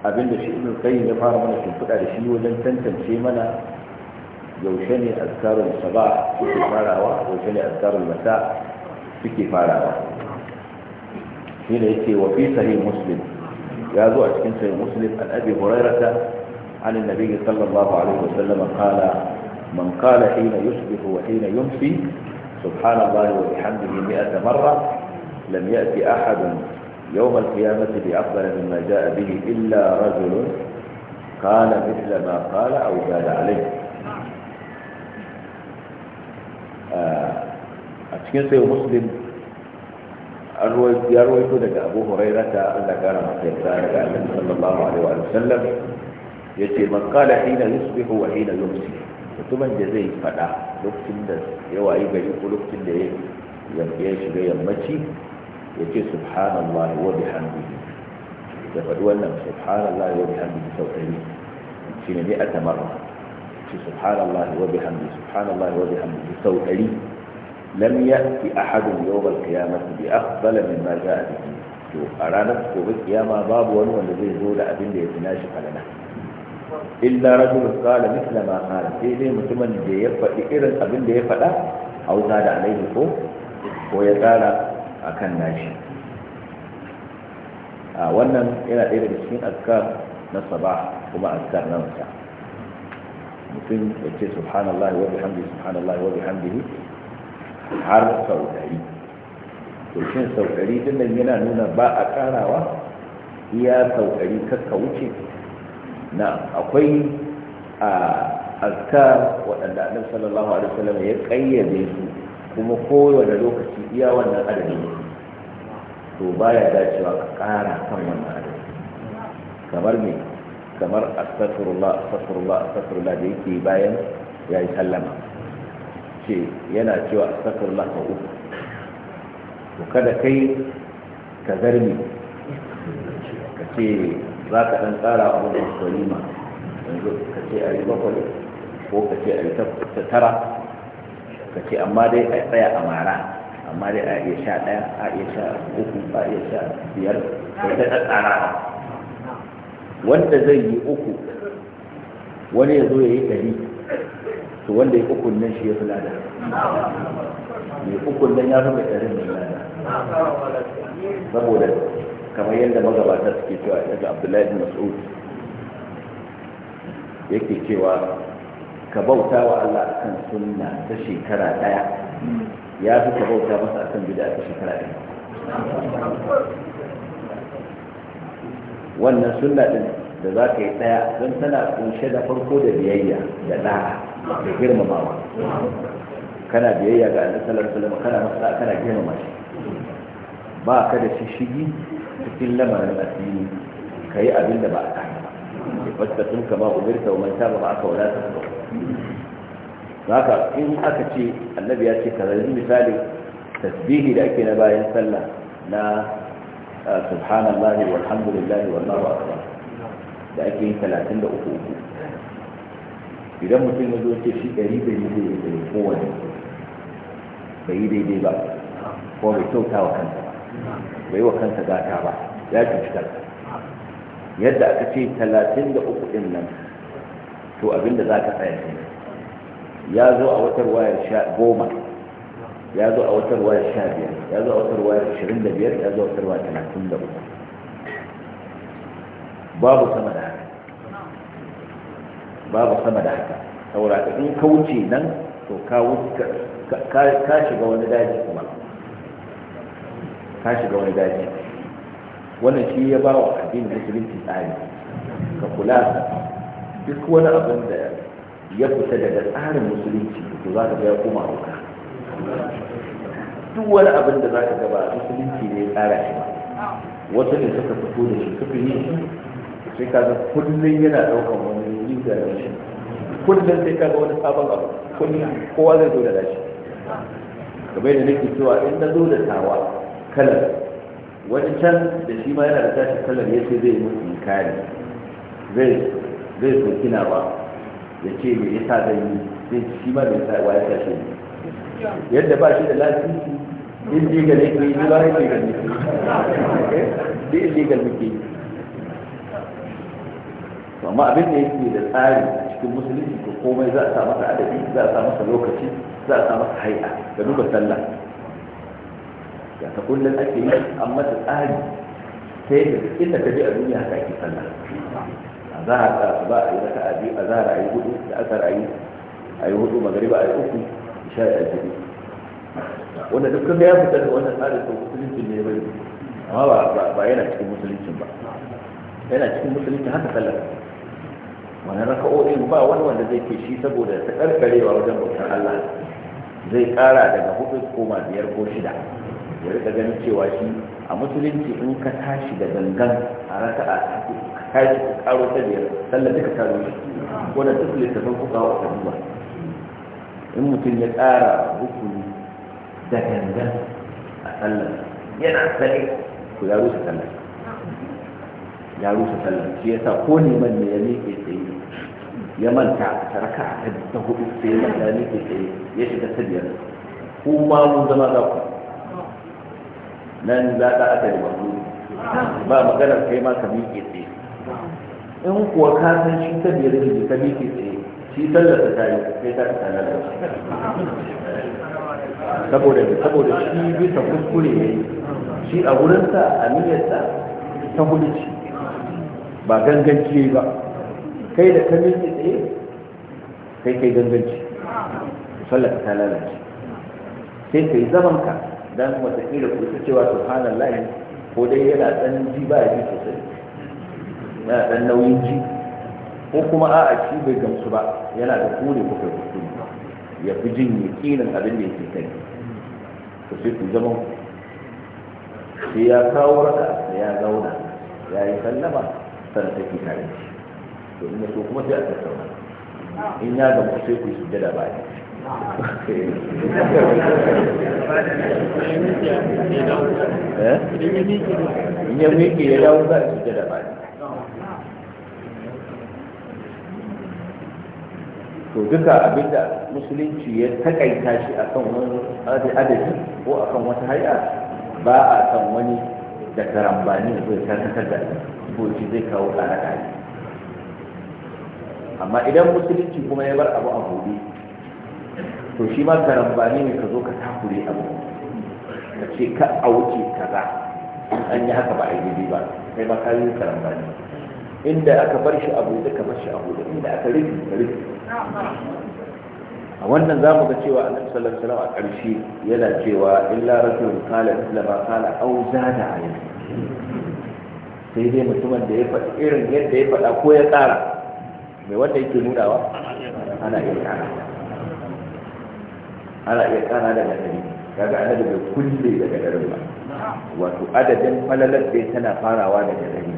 abinda shi ibn qayyim ya fara mana shimfiɗa da shi wajen tantance mana yaushe ne azkarul sabah suke farawa yaushe ne azkarul masa suke farawa هنا يكي وفي wa مسلم يازو muslim ya مسلم عن أبي هريرة عن النبي صلى الله عليه وسلم قال من قال حين يصبح وحين يمسي سبحان الله وبحمده مئة مرة لم يأتي أحد يوم القيامة بأفضل مما جاء به إلا رجل قال مثل ما قال أو زاد عليه أتكين سيو مسلم an ya rawaito daga abu huraira ta allah kara masa yarda daga annabi sallallahu alaihi wa sallam yace man qala hina yusbihu wa hina yumsi mutumin da zai fada lokacin da ya wayi gari ko lokacin da ya shiga yammaci yace subhanallahi wa bihamdihi da faɗi wannan subhanallahi wa bihamdihi sau ɗari shine ne a tamarra subhanallahi wa bihamdihi subhanallahi wa bihamdihi sau ɗari lam ya'ti ahadun yawm al-qiyamati bi afdala mimma ja'a bihi to a ranar gobe kiyama babu wani wanda zai zo da abin da ya fi nashi falala illa rajul qala mithla ma qala sai dai mutumin da ya faɗi irin abin da ya faɗa auza da alaihi ko ko ya tsara akan nashi a wannan yana ɗaya daga cikin azkar na sabah kuma azkar na wuta, mutum ya ce subhanallah wa bihamdihi subhanallah wa bihamdihi har sau ɗari to shin sau ɗari dinnan yana nuna ba a ƙarawa iya sau ɗari kakka wuce na akwai a azkar waɗanda annabi sallallahu alaihi wasallam ya ƙayyade su kuma kowane lokaci iya wannan adadin to baya dacewa ka kara kan wannan adadin kamar me kamar astaghfirullah astaghfirullah astaghfirullah da yake bayan ya yi sallama ce yana cewa astaghfirullah ka uku to kada kai ka zarmi ka ce za ka ɗan tsara wani da kalima yanzu ka ce a yi bakwai ko ka ce a yi ta tara ka ce amma dai a tsaya a mara amma dai a iya sha ɗaya a iya sha uku a iya sha biyar ka ta tsara wanda zai yi uku wani ya zo ya yi ɗari to wanda ya ukun nan shi ya fi lada mai ukun ya fi mai ɗarin mai lada saboda kamar yadda magabata suke cewa daga abdullahi bin mas'ud yake cewa ka bauta wa Allah kan sunna ta shekara ɗaya ya fi ka bauta masa akan bid'a ta shekara ɗaya wannan sunna din da za ka yi ɗaya don tana kunshe da farko da biyayya da ɗaya da girmamawa kana biyayya ga annabi sallallahu alaihi wasallam kana masa kana girmama shi ba ka da shishigi cikin lamarin addini kai abin da ba a kana ba fastatun kama umirta wa man taba ba aka wala ta haka in aka ce annabi ya ce kaza yanzu misali tasbihi da ake na bayan sallah na ah, "Subhanallah, walhamdulillahi wallahu akbar da ake yin 33 uku idan mutum ya zo ce shi ɗari ɗari zai yi ɗari kowane bai yi daidai ba ko bai kyauta wa kansa ba bai wa kansa gata ba ya cuci kansa yadda aka ce talatin da uku ɗin nan to abinda za ka tsaya shi ya zo a watar wayar sha goma ya zo a watar wayar sha biyar ya zo a watar wayar ashirin da biyar ya zo a watar wayar talatin da uku babu sama da babu sama da haka saboda in ka wuce nan to ka shiga wani daji kuma ka shiga wani daji wannan shi ya ba wa addinin musulunci tsari ka kula duk wani abin da ya fita daga tsarin musulunci to za ka ga ya koma hauka duk wani abin da za ka gaba musulunci ne ya tsara shi ba wasu ne suka fito da shi suka yi sai ka ga kullum yana ɗaukar wani yi da shi kullum sai ka ga wani sabon abu kullum kowa zai zo da lashi kamar da nake cewa in na zo da tawa kalar wani can da shi ma yana da tashi kalar ya ce zai mutu kare zai zai so kina ba ya ce me yasa zai yi zai shi ma bai sa wa ya tashi yadda ba shi da lafiya in legal yake yi ba yake gani eh, duk illegal ne yi amma abin da yake da tsari cikin musulunci ko komai za a sa masa adabi za a sa masa lokaci za a sa masa hai'a da duka sallah ya ta kullum ake yi an mata tsari ta yadda duk inda ka je a duniya haka ake sallah a za a tsara ba a yi raka a biyu a za a yi hudu da asar a yi a yi hudu magariba a yi uku isha a yi jiri wanda duk kaga ya fitar da wannan tsarin to musulunci ne bai amma ba yana cikin musuluncin ba yana cikin musulunci haka sallah wani raka'o'in ba wani wanda zai ke shi saboda ta karkarewa wajen bautar Allah zai kara daga hudu koma biyar ko shida ya rika ganin cewa shi a musulunci in ka tashi da gangan a raka'a ka tashi ka karo ta biyar sallar duka ta shi ko da duk littafin kuka wa kaduwa in mutum ya tsara rukuni da gangan a sallar yana sani ku ya rusa sallar ya rusa sallar shi yasa ko neman ne ya miƙe tsaye ya manta ta raka a ta hudu sai ya manta ne ke tsaye ya shiga ta biyar ko ma mun zama za ku nan za ka aka yi mazu ba maganar kai ma ka miƙe tsaye in kuwa ka san shi ta biyar ne ka miƙe tsaye shi sallar ta tayi sai ta ta lalata saboda saboda shi bisa kuskure ne shi a wurinsa a niyyarsa ta hudu ba ganganci ba kai da kamin ki tsaye kai kai ganganci sallar ta lalace sai kai zaman ka dan wata kira ku ta cewa layi, ko dai yana dan ji ba ji sosai yana dan nauyin ji ko kuma a'a ci bai gamsu ba yana da kure ko kai kuskure ya fi jin yakinin abin da yake kai to sai ku zaman sai ya kawo raka da ya zauna ya yi sallama sannan sai ke kare shi to ina so kuma sai a tattauna in ya gamu sai ku sujjada ba ne eh? in ya miƙe ya dawo za a sujjada ba ne to duka abinda musulunci ya takaita shi akan wani adadi ko akan wata haya ba a kan wani da karambani zai karkatar da ko zai kawo tsare-tsare amma idan musulunci kuma ya bar abu a gobe to shi ma karambani ne ka zo ka takure abu ka ce ka a wuce kaza an yi haka ba a yi ba kai ma ka yi karambani inda aka bar shi abu da ka bar shi abu da inda aka rufe ka rufe a wannan za mu ga cewa annabi sallallahu alaihi wasallam a ƙarshe yana cewa illa rajulun qala islama qala aw zada alayhi sai dai mutumin da ya faɗi irin yadda ya faɗa ko ya tsara mai wanda yake nunawa ana iya kara ana iya kana daga dari kaga annabi bai kulle daga garin ba wato adadin falalar da tana farawa daga dari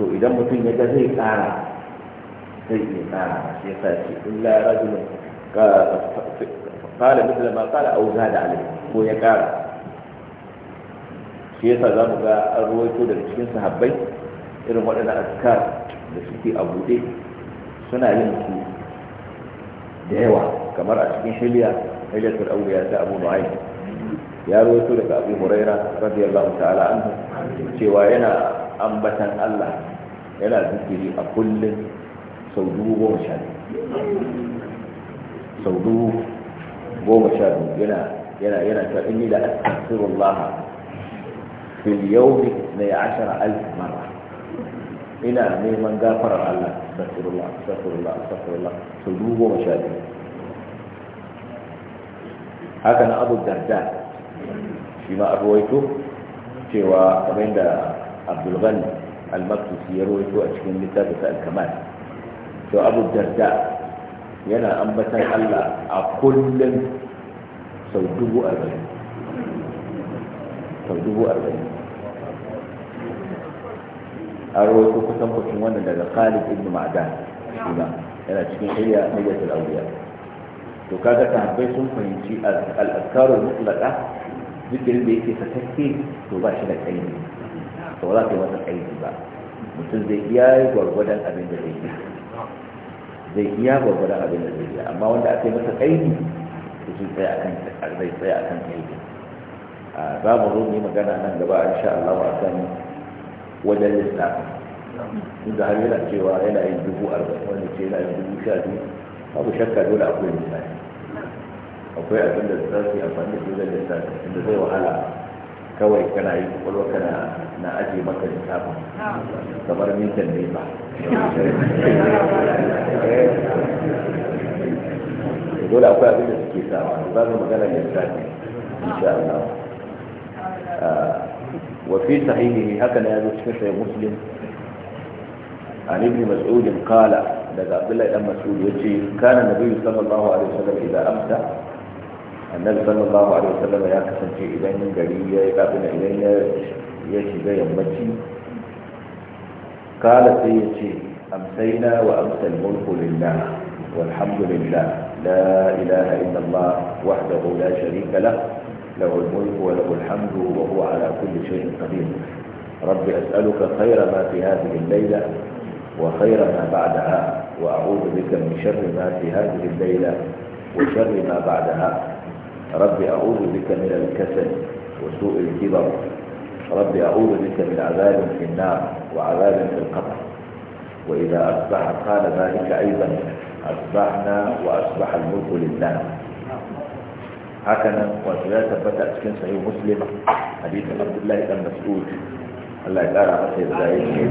to idan mutum ya ga zai kara zai iya kara shi yasa ce illa rajulun qala mithla ma qala aw zada alayhi ko ya kara shi yasa za mu ga an ruwaito daga cikin sahabbai irin waɗannan askar da suke a buɗe suna yin su da yawa kamar a cikin shirya hajjatul ya ta abu nu'aym ya rawaito daga abu huraira radiyallahu ta'ala anhu cewa yana ambatan Allah yana zikiri a kullum sau dubu goma sha sau dubu goma sha biyu yana yana yana ta inni la astaghfirullah fil yawmi 12000 marra ina neman gafarar Allah astaghfirullah astaghfirullah astaghfirullah su dubo ma sha biyu haka na Abu Darda shi ma a rawaito cewa kamar da Abdul Ghani al ya rawaito a cikin littafin sa al-Kamal to Abu Darda yana ambatan Allah a kullum sau dubu arba'in sau dubu arba'in a rawaito kusan kucin wanda daga khalid ibn ma'adan shima yana cikin hayya hayyatul awliya to kaga sahabbai sun fahimci al-azkarul mutlaqa zikirin da yake sakakke to ba shi da kaini to za ka yi masa kaini ba mutum zai iya yi gwargwadon abin da zai yi zai iya gwargwadon abin da zai yi amma wanda aka yi masa kaini to sun tsaya akan zai tsaya akan kaini babu ruwan yi magana nan gaba insha Allah a kan wajen lissafi inda har yana cewa yana yin dubu arba'in wanda ce yana yin dubu sha biyu babu shakka dole akwai lissafi akwai abin da za su yi amfani da dole lissafi inda zai wahala kawai kana yi kwakwalwa kana na ajiye maka lissafi kamar mintan ne ba eh. dole akwai abin da suke sawa za su magana lissafi insha Allah ah. وفي صحيحه هكذا يجوز في مسلم عن ابن مسعود قال لدى عبد الله بن مسعود يجي كان النبي صلى الله عليه وسلم إذا أمسى النبي صلى الله عليه وسلم يا كسنتي إذا من قرية يقابلنا إلينا يجي زي يمتي قال سيجي أمسينا وأمسى الملك لله والحمد لله لا إله إلا الله وحده لا شريك له له الملك وله الحمد وهو على كل شيء قدير رب أسألك خير ما في هذه الليلة وخير ما بعدها وأعوذ بك من شر ما في هذه الليلة وشر ما بعدها رب أعوذ بك من الكسل وسوء الكبر رب أعوذ بك من عذاب في النار وعذاب في القبر وإذا أصبح قال ذلك أيضا أصبحنا وأصبح الملك لله hakanan wato ya tabbata a cikin sahih muslim hadisin abdullahi dan mas'ud Allah ya kara masa yadda ya ce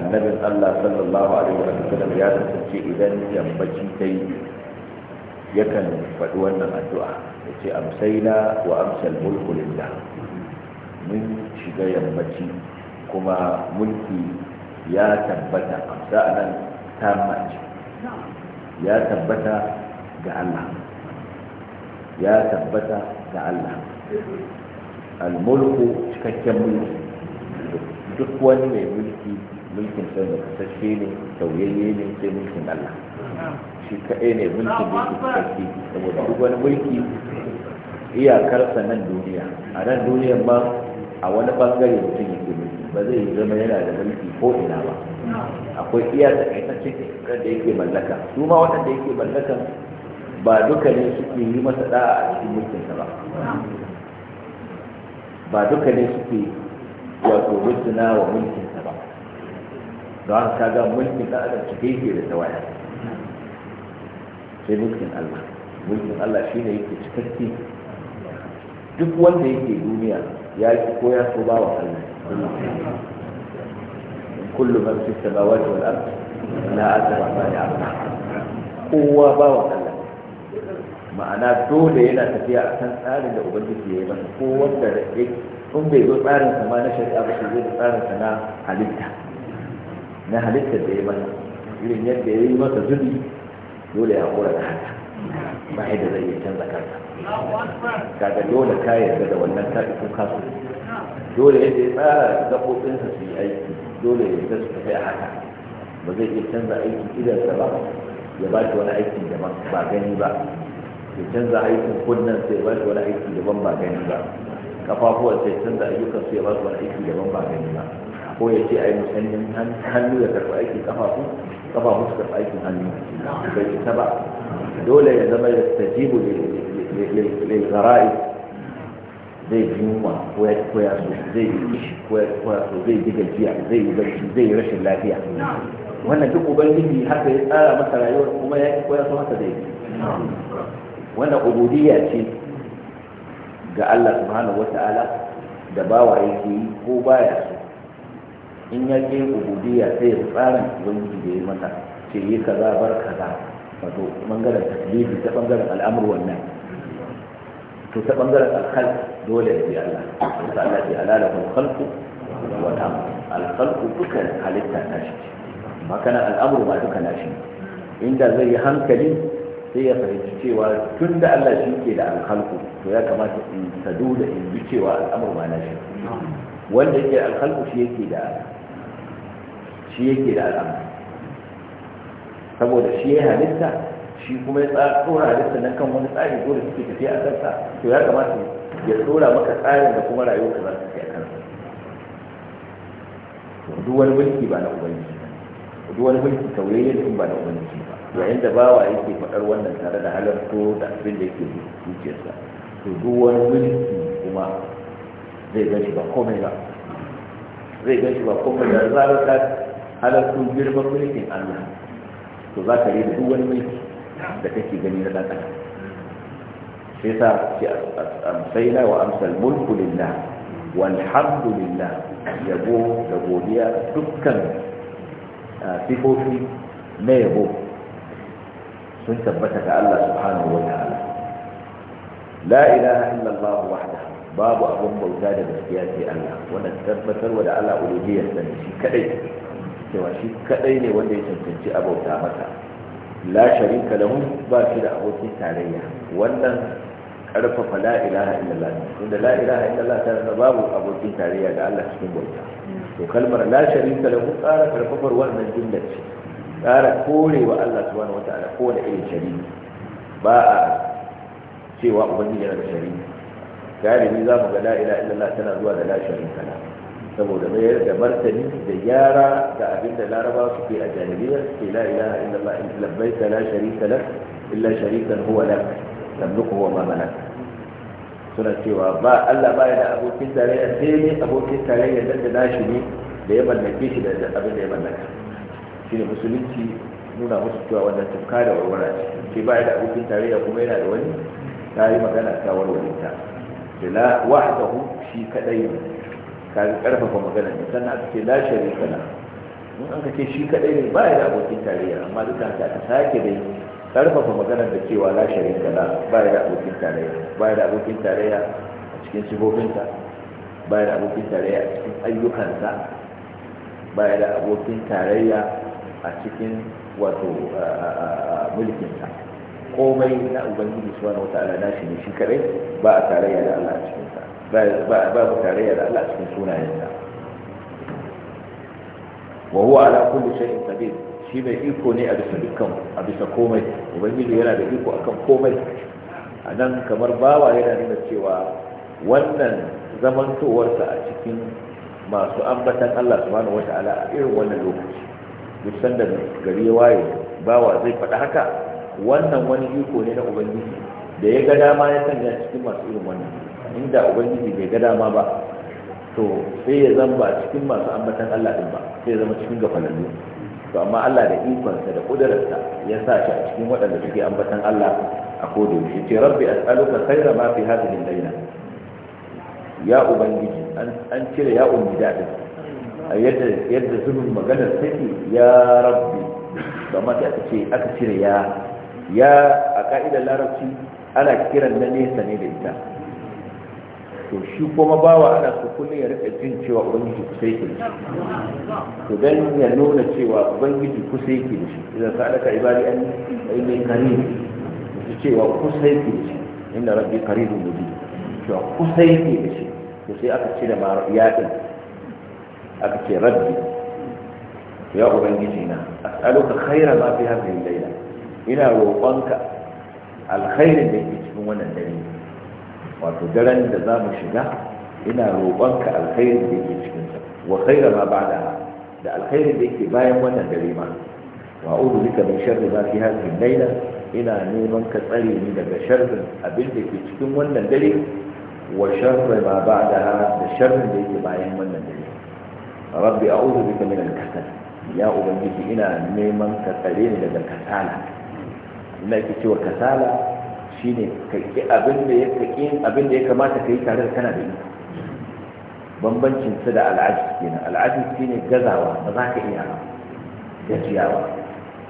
annabin Allah sallallahu alaihi wa sallam ya kasance idan yammaci ta yi yakan faɗi wannan addu'a ya ce amsaina wa amsal mulku lillah mun shiga yammaci kuma mulki ya tabbata amsa nan tamma ya tabbata ga Allah ya tabbata ga Allah al-mulku cikakken mulki duk wani mai mulki mulkin sai da kasashe ne sauyayye ne sai mulkin Allah shi kaɗai ne mulkin da yake cikakke saboda duk wani mulki iyakarsa nan duniya a nan duniyan ba a wani bangare mutum yake mulki ba zai zama yana da mulki ko ina ba akwai iya takaitaccen da yake mallaka su ma waɗanda yake mallakan ba duka ne suke yi masa da a cikin mulkinsa ba ba duka ne suke wato mutuna wa mulkinsa ba don haka kaga mulkin da adam cike yake da tawaya sai mulkin Allah mulkin Allah shine yake cikakke duk wanda yake duniya ya ki ko ya so ba wa Allah kullu man fi samawati wal ardi la azra ma ya'lam kowa ba wa Allah ma'ana dole yana tafiya a kan tsarin da ubangiji ya yi masa ko wanda in bai zo tsarin sa ma na shari'a ba shi zo da tsarin sa na halitta na halitta da ya yi masa irin yadda ya yi masa zubi dole ya kora da haka ba da zai iya canza kansa kaga dole ka yarda da wannan ka ko kasu dole yadda ya tsara gaɓoɓinsa su yi aiki dole ya yarda su tafi a haka ba zai iya canza aiki sa ba ya ba shi wani aiki da ba gani ba ya canza aikin kunnan sai ba shi wani aiki daban ba gani ba kafafuwa sai canza ayyukan sai ba su wani aiki daban ba gani ba ko ya ce a yi musannin hannu ya karɓi aikin kafafu kafafu su karɓi aikin hannu bai ita ba dole ya zama ya tajibu da zara'i zai yi yunwa ko ya ko ya so zai yi kishi ko ya ko ya so zai yi gajiya zai yi barci zai yi rashin lafiya wannan duk ubangiji haka ya tsara masa rayuwar kuma ya ko ya so haka zai yi wannan ubudiyya ce ga Allah subhanahu wata'ala da bawa yake yi ko baya so in ya ke ubudiyya sai ya tsarin ubangiji da ya masa ce yi kaza bar kaza wato bangaren tasbihi ta bangaren al'amur wannan to ta bangaren alkhal dole ya bi Allah ta Allah ya alala kun khalqu wa tam alkhalqu duka halitta ta shi makana al'amur ba duka nashi inda zai yi hankali sai ya fahimci cewa tun da Allah shi ke da alhalku to ya kamata in sadu da in bi cewa al'amur ma na shi wanda yake alhalku shi yake da shi yake da al'amur saboda shi ya halitta shi kuma ya tsora halitta nan kan wani tsari dole suke tafiya a kansa to ya kamata ya tsora maka tsarin da kuma rayuwarka za ta kai a kansa duk wani mulki ba na ubangiji duk wani mulki tauyayyen ba na ubangiji ba yayin da bawa yake faɗar wannan tare da halarto da abin da yake zuciyarsa to duk wani mulki kuma zai gani ba komai ba zai gani ba komai da zarar ka halarto girman mulkin Allah to za ka yi duk wani mulki da kake gani na ɗan adam sai yasa ce amsaina wa amsal mulku lillah walhamdulillah yabo da godiya dukkan ah, sifofi na yabo sun tabbata ga Allah subhanahu wa ta'ala la ilaha illa Allah babu abun bauta da gaskiya sai Allah wanda tabbatarwa da Allah uluhiyyar sa shi kadai cewa shi kadai ne wanda ya cancanci abauta masa la sharika lahu ba shi da abokin tarayya wannan karfafa la ilaha illallah Inda la ilaha illallah ta zama babu abokin tarayya da Allah cikin bauta to kalmar la sharika lahu tsara karfafar wannan jumlar ce ƙara kore wa Allah subhanahu ko da irin shari'a ba a cewa ubangiji yana da shari'a galibi za mu ga Laila ila illallah tana zuwa da la sharika kana, saboda mai da martani da gyara da abin da laraba su ke a jahiliya ke la ilaha illallah in labbaika la sharika kana, illa sharikan huwa lak tamliku huwa ma malak suna cewa ba Allah ba ya da abokin tarayya sai ne abokin tarayya da da nashi ne da ya mallake shi da abin da ya mallaka shi ne musulunci nuna musu cewa wannan tuka da warwara ce ba da abokin tarayya kuma yana da wani ta yi magana ta warware ta da la wahdahu shi kadai ne ka karfafa magana ne sannan aka ce la sharika la in an ce shi kadai ne ba ya da abokin tarayya amma duka ta sake dai karfafa magana da cewa la sharika la ba ya da abokin tarayya ba ya da abokin tarayya a cikin sifofinsa ba ya da abokin tarayya a cikin ayyukansa ba ya da abokin tarayya a cikin wato mulkinsa komai na ubangiji subhanahu wataala na shi ne shi kadai ba a tarayya da Allah a cikin ba ba tarayya da Allah a cikin sunayensa wa huwa ala kulli shay'in qadir shi mai iko ne a bisa dukkan a bisa komai ubangiji yana da iko akan komai a nan kamar bawa yana nuna cewa wannan zamantowarsa a cikin masu ambatan Allah subhanahu wataala a irin wannan lokaci duk sanda gari ya waye bawa zai faɗa haka wannan wani iko ne na ubangiji da ya ga dama ya sanya cikin masu irin wannan inda ubangiji bai ga dama ba to sai ya zama ba cikin masu ambatan Allah din ba sai ya zama cikin gafalallu to amma Allah da ikonsa da kudararsa ya sa shi a cikin waɗanda suke ambatan Allah a koda shi ce rabbi as'aluka khayra ma fi hadhihi al-layla ya ubangiji an cire ya ummi dadin a yadda yadda zubin maganar take ya rabbi ba mata a ce aka cire ya ya a ka'idar larabci ana kiran na nesa ne da ita to shi kuma bawa ana su kullum ya rika jin cewa ubangiji kusa yake da shi to dan ya nuna cewa ubangiji kusa yake da shi idan sa alaka ibadi an ainihin karim su cewa kusa yake da shi inda rabbi da mudi cewa kusa yake da shi to sai aka cire ma ya din أكتي ربي يا أبنجينا أسألك خير ما في هذه الليلة إلى وقنك الخير الذي يتمون الليل وتدرن دزام الشجاع إلى وقنك الخير من يتمون وخير ما بعدها ده الخير من يتمون وانا دريما وأعوذ بك من شر ما في هذه الليلة إلى نونك تري من شر أبلد يتمون الليل وشر ما بعدها الشر الذي يتمون وانا دريما rabbi a'udhu bika min al-kasal ya ubangiji ina neman ka tsare ni daga kasala ina yake cewa kasala shine ka abin da ya kaki abin da ya kamata kai tare da kana da ni bambancin su da al'ajiz kenan al'ajiz shine gazawa ba za ka iya ba gajiyawa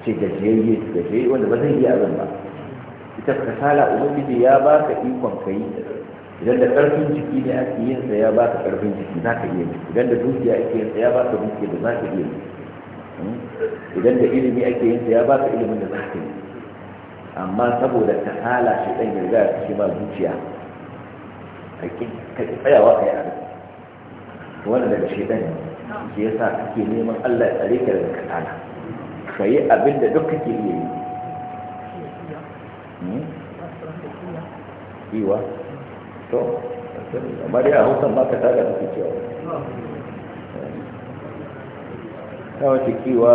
ce gajiyayye gajiyayye wanda ba zai iya abin ba ita kasala ubangiji ya baka ikon kai idan da karfin jiki ne ake yin sa ya ka karfin jiki za ka iya idan da dukiya ake yin sa ya ka dukiya da za ka iya idan da ilimi ake yin sa ya ka ilimin da za ka yi amma saboda ta hala shi dan yarda ta shi ma zuciya ka ki tsayawa ka yi abu wannan daga shi dan shi yasa kake neman Allah ya tsare ka daga kasala ka yi abin da duk kake iya yi hmm? iwa to amma dai a hausan ta ka tada cewa ta wace kiwa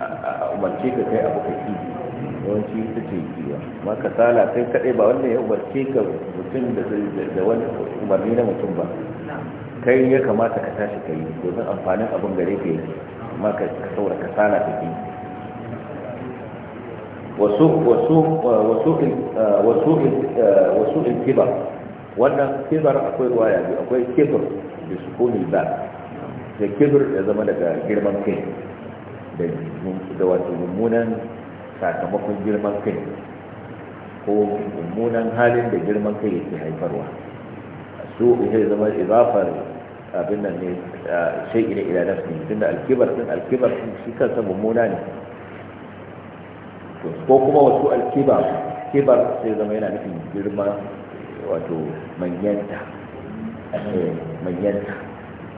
a umarce ka kai abu ka kibi yawanci ita ce kiwa ma ka tala kai kaɗai ba wannan ya umarce ka mutum da wani umarni na mutum ba kai ya kamata ka tashi kai domin amfanin abin gare ka yi amma ka saura ka ta ka kibi wasu wasu wasu wasu wasu wannan kibar akwai ruwaya biyu akwai kibar da sukuni ba da kibar ya zama daga girman kai da wato mummunan sakamakon girman kai ko mummunan halin da girman kai yake haifarwa su ya zama izafar abin nan ne shai ila ila su tunda alkibar din alkibar din shi kansa mummuna ne ko kuma wasu alkibar kibar sai zama yana nufin girman wato manyanta eh, manyanta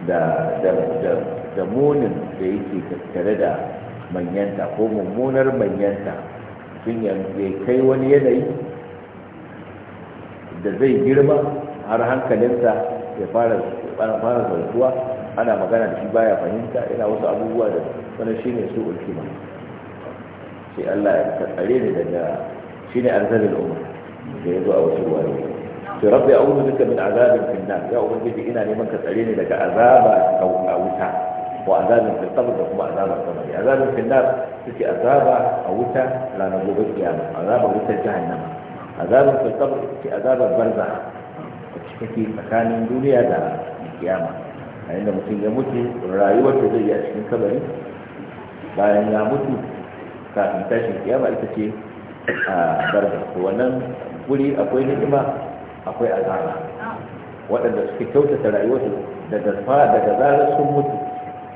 da da da da munin da yake tattare da manyanta ko mummunar manyanta sun yanzu kai wani yanayi da zai girma har hankalinsa ya fara fara zartuwa ana magana da shi baya fahimta yana wasu abubuwa da wani shine su ulkima sai Allah ya tsare ni daga shi ne arzalin umma da yazo a wasu wani to rabbi a'udhu bika min azabin fil nar ya ubangiji ina neman ka tsare ni daga azaba a wuta ko azabin fil qabr da kuma azabar kabari azabin fil nar suke azaba a wuta ranar gobe kiyama azaba wutar jahannama azabin fil qabr suke azabar barza cikin tsakanin duniya da kiyama a inda mutum ya mutu rayuwar da zai yi a cikin kabari bayan ya mutu kafin tashin kiyama ita ce a barza to wannan guri akwai niima. akwai azaba waɗanda suke kyautata rayuwarsu daga fara daga zarar sun mutu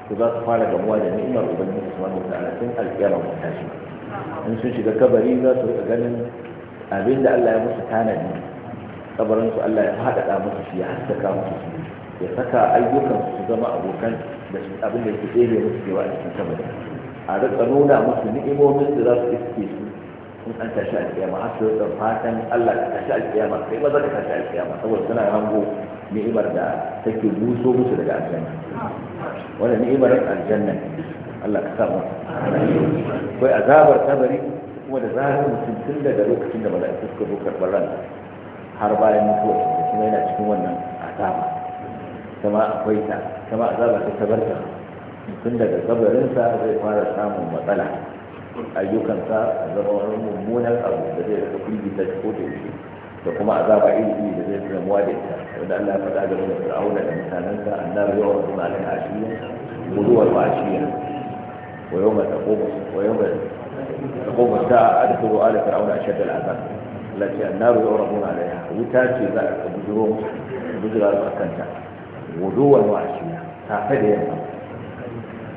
su za su fara gamuwa da ni'imar ubangiji subhanahu wataala tun alƙiyama mun shi in sun shiga kabari za su rika ganin abin da Allah ya musu tanadi kabarin su Allah ya faɗaɗa musu shi ya haskaka musu ya saka ayyukan su zama abokan da abin da ke tsere musu kewa a cikin kabari a rika nuna musu ni'imomin da za su iske su in an tashi alkiyama har su da fatan Allah ka tashi alkiyama kai ba za ka tashi alkiyama saboda suna hango ni'imar da take buso musu daga aljanna wannan ni'imar aljanna Allah ka sa mu kai azabar kabari kuma da zahirin mutum tun daga lokacin da mala'iku suka zo karɓar ran har bayan mutuwar da kuma yana cikin wannan azaba kama akwai ta kama azabar ta tabarta tun daga kabarinsa zai fara samun matsala ayyukansa zama wani mummunan abu da zai rika firgita shi ko da yaushe da kuma azaba iri da zai zama wa da ita wanda Allah faɗa ga da fir'auna da mutanensa annabi yawan suna alaihi ashiya guduwar wa ashiya wa yawma taqumu wa yawma taqumu sa'a adkhulu ala fir'auna ashadda al'azab lati annaru yuraduna alaiha wuta ce za a bujuro bujura a kanta guduwar wa ashiya tafe da yamma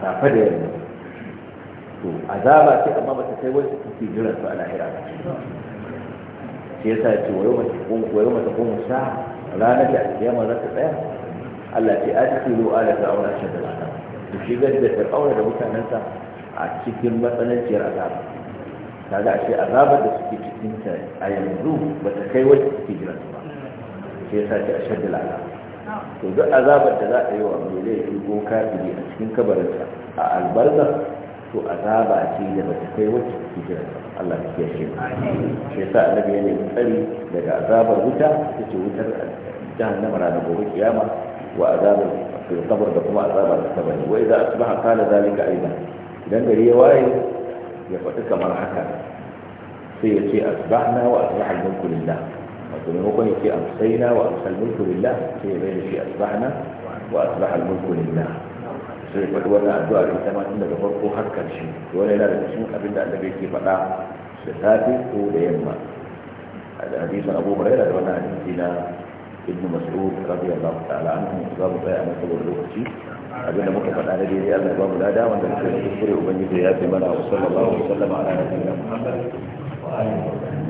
tafe da yamma to azaba ce amma ba ta kai wacce take jiran su a lahira ba shi yasa ya ce wayo mace kun wayo mace kun sa ranar da alkiyama za ta tsaya Allah ce adkilu ala fir'auna ashadda al'azab ku shigar da fir'auna da mutanensa a cikin matsananciyar azaba kaga ashe azabar da suke cikin ta a yanzu ba ta kai wacce take jiran su ba shi yasa ce ashadda al'azab to duk azabar da za a yi wa mai laifi ko kafiri a cikin kabarinsa a albarza to azaba ce da ba ta kai wacce ke jira Allah ya kiyaye shi yasa annabi ya nemi tsari daga azabar wuta ta ce wutar jahannama ranar gobe kiyama wa azabar fil qabr da kuma azabar kabari wa idza asbaha qala zalika aidan idan gari ya waye ya faɗi kamar haka sai ya ce asbahna wa asbaha al-mulku lillah wato maimakon ya ce amsaina wa amsal mulku lillah sai ya bayyana shi asbahna wa asbaha al-mulku lillah sai ya faɗi wannan addu'a da ita ma tun daga farko har ƙarshe to wani yana da cikin abin da annabi yake faɗa da safe ko da yamma a da hadisin abu huraira da wannan hadisi na ibn mas'ud radiyallahu ta'ala anhu za mu tsaya a saboda lokaci abin da muka faɗa da dai Allah ba mu lada wanda muke da kuskure ubangiji ya fi mana wa sallallahu alaihi wa sallam ala nabiyina muhammad wa alihi wa sahbihi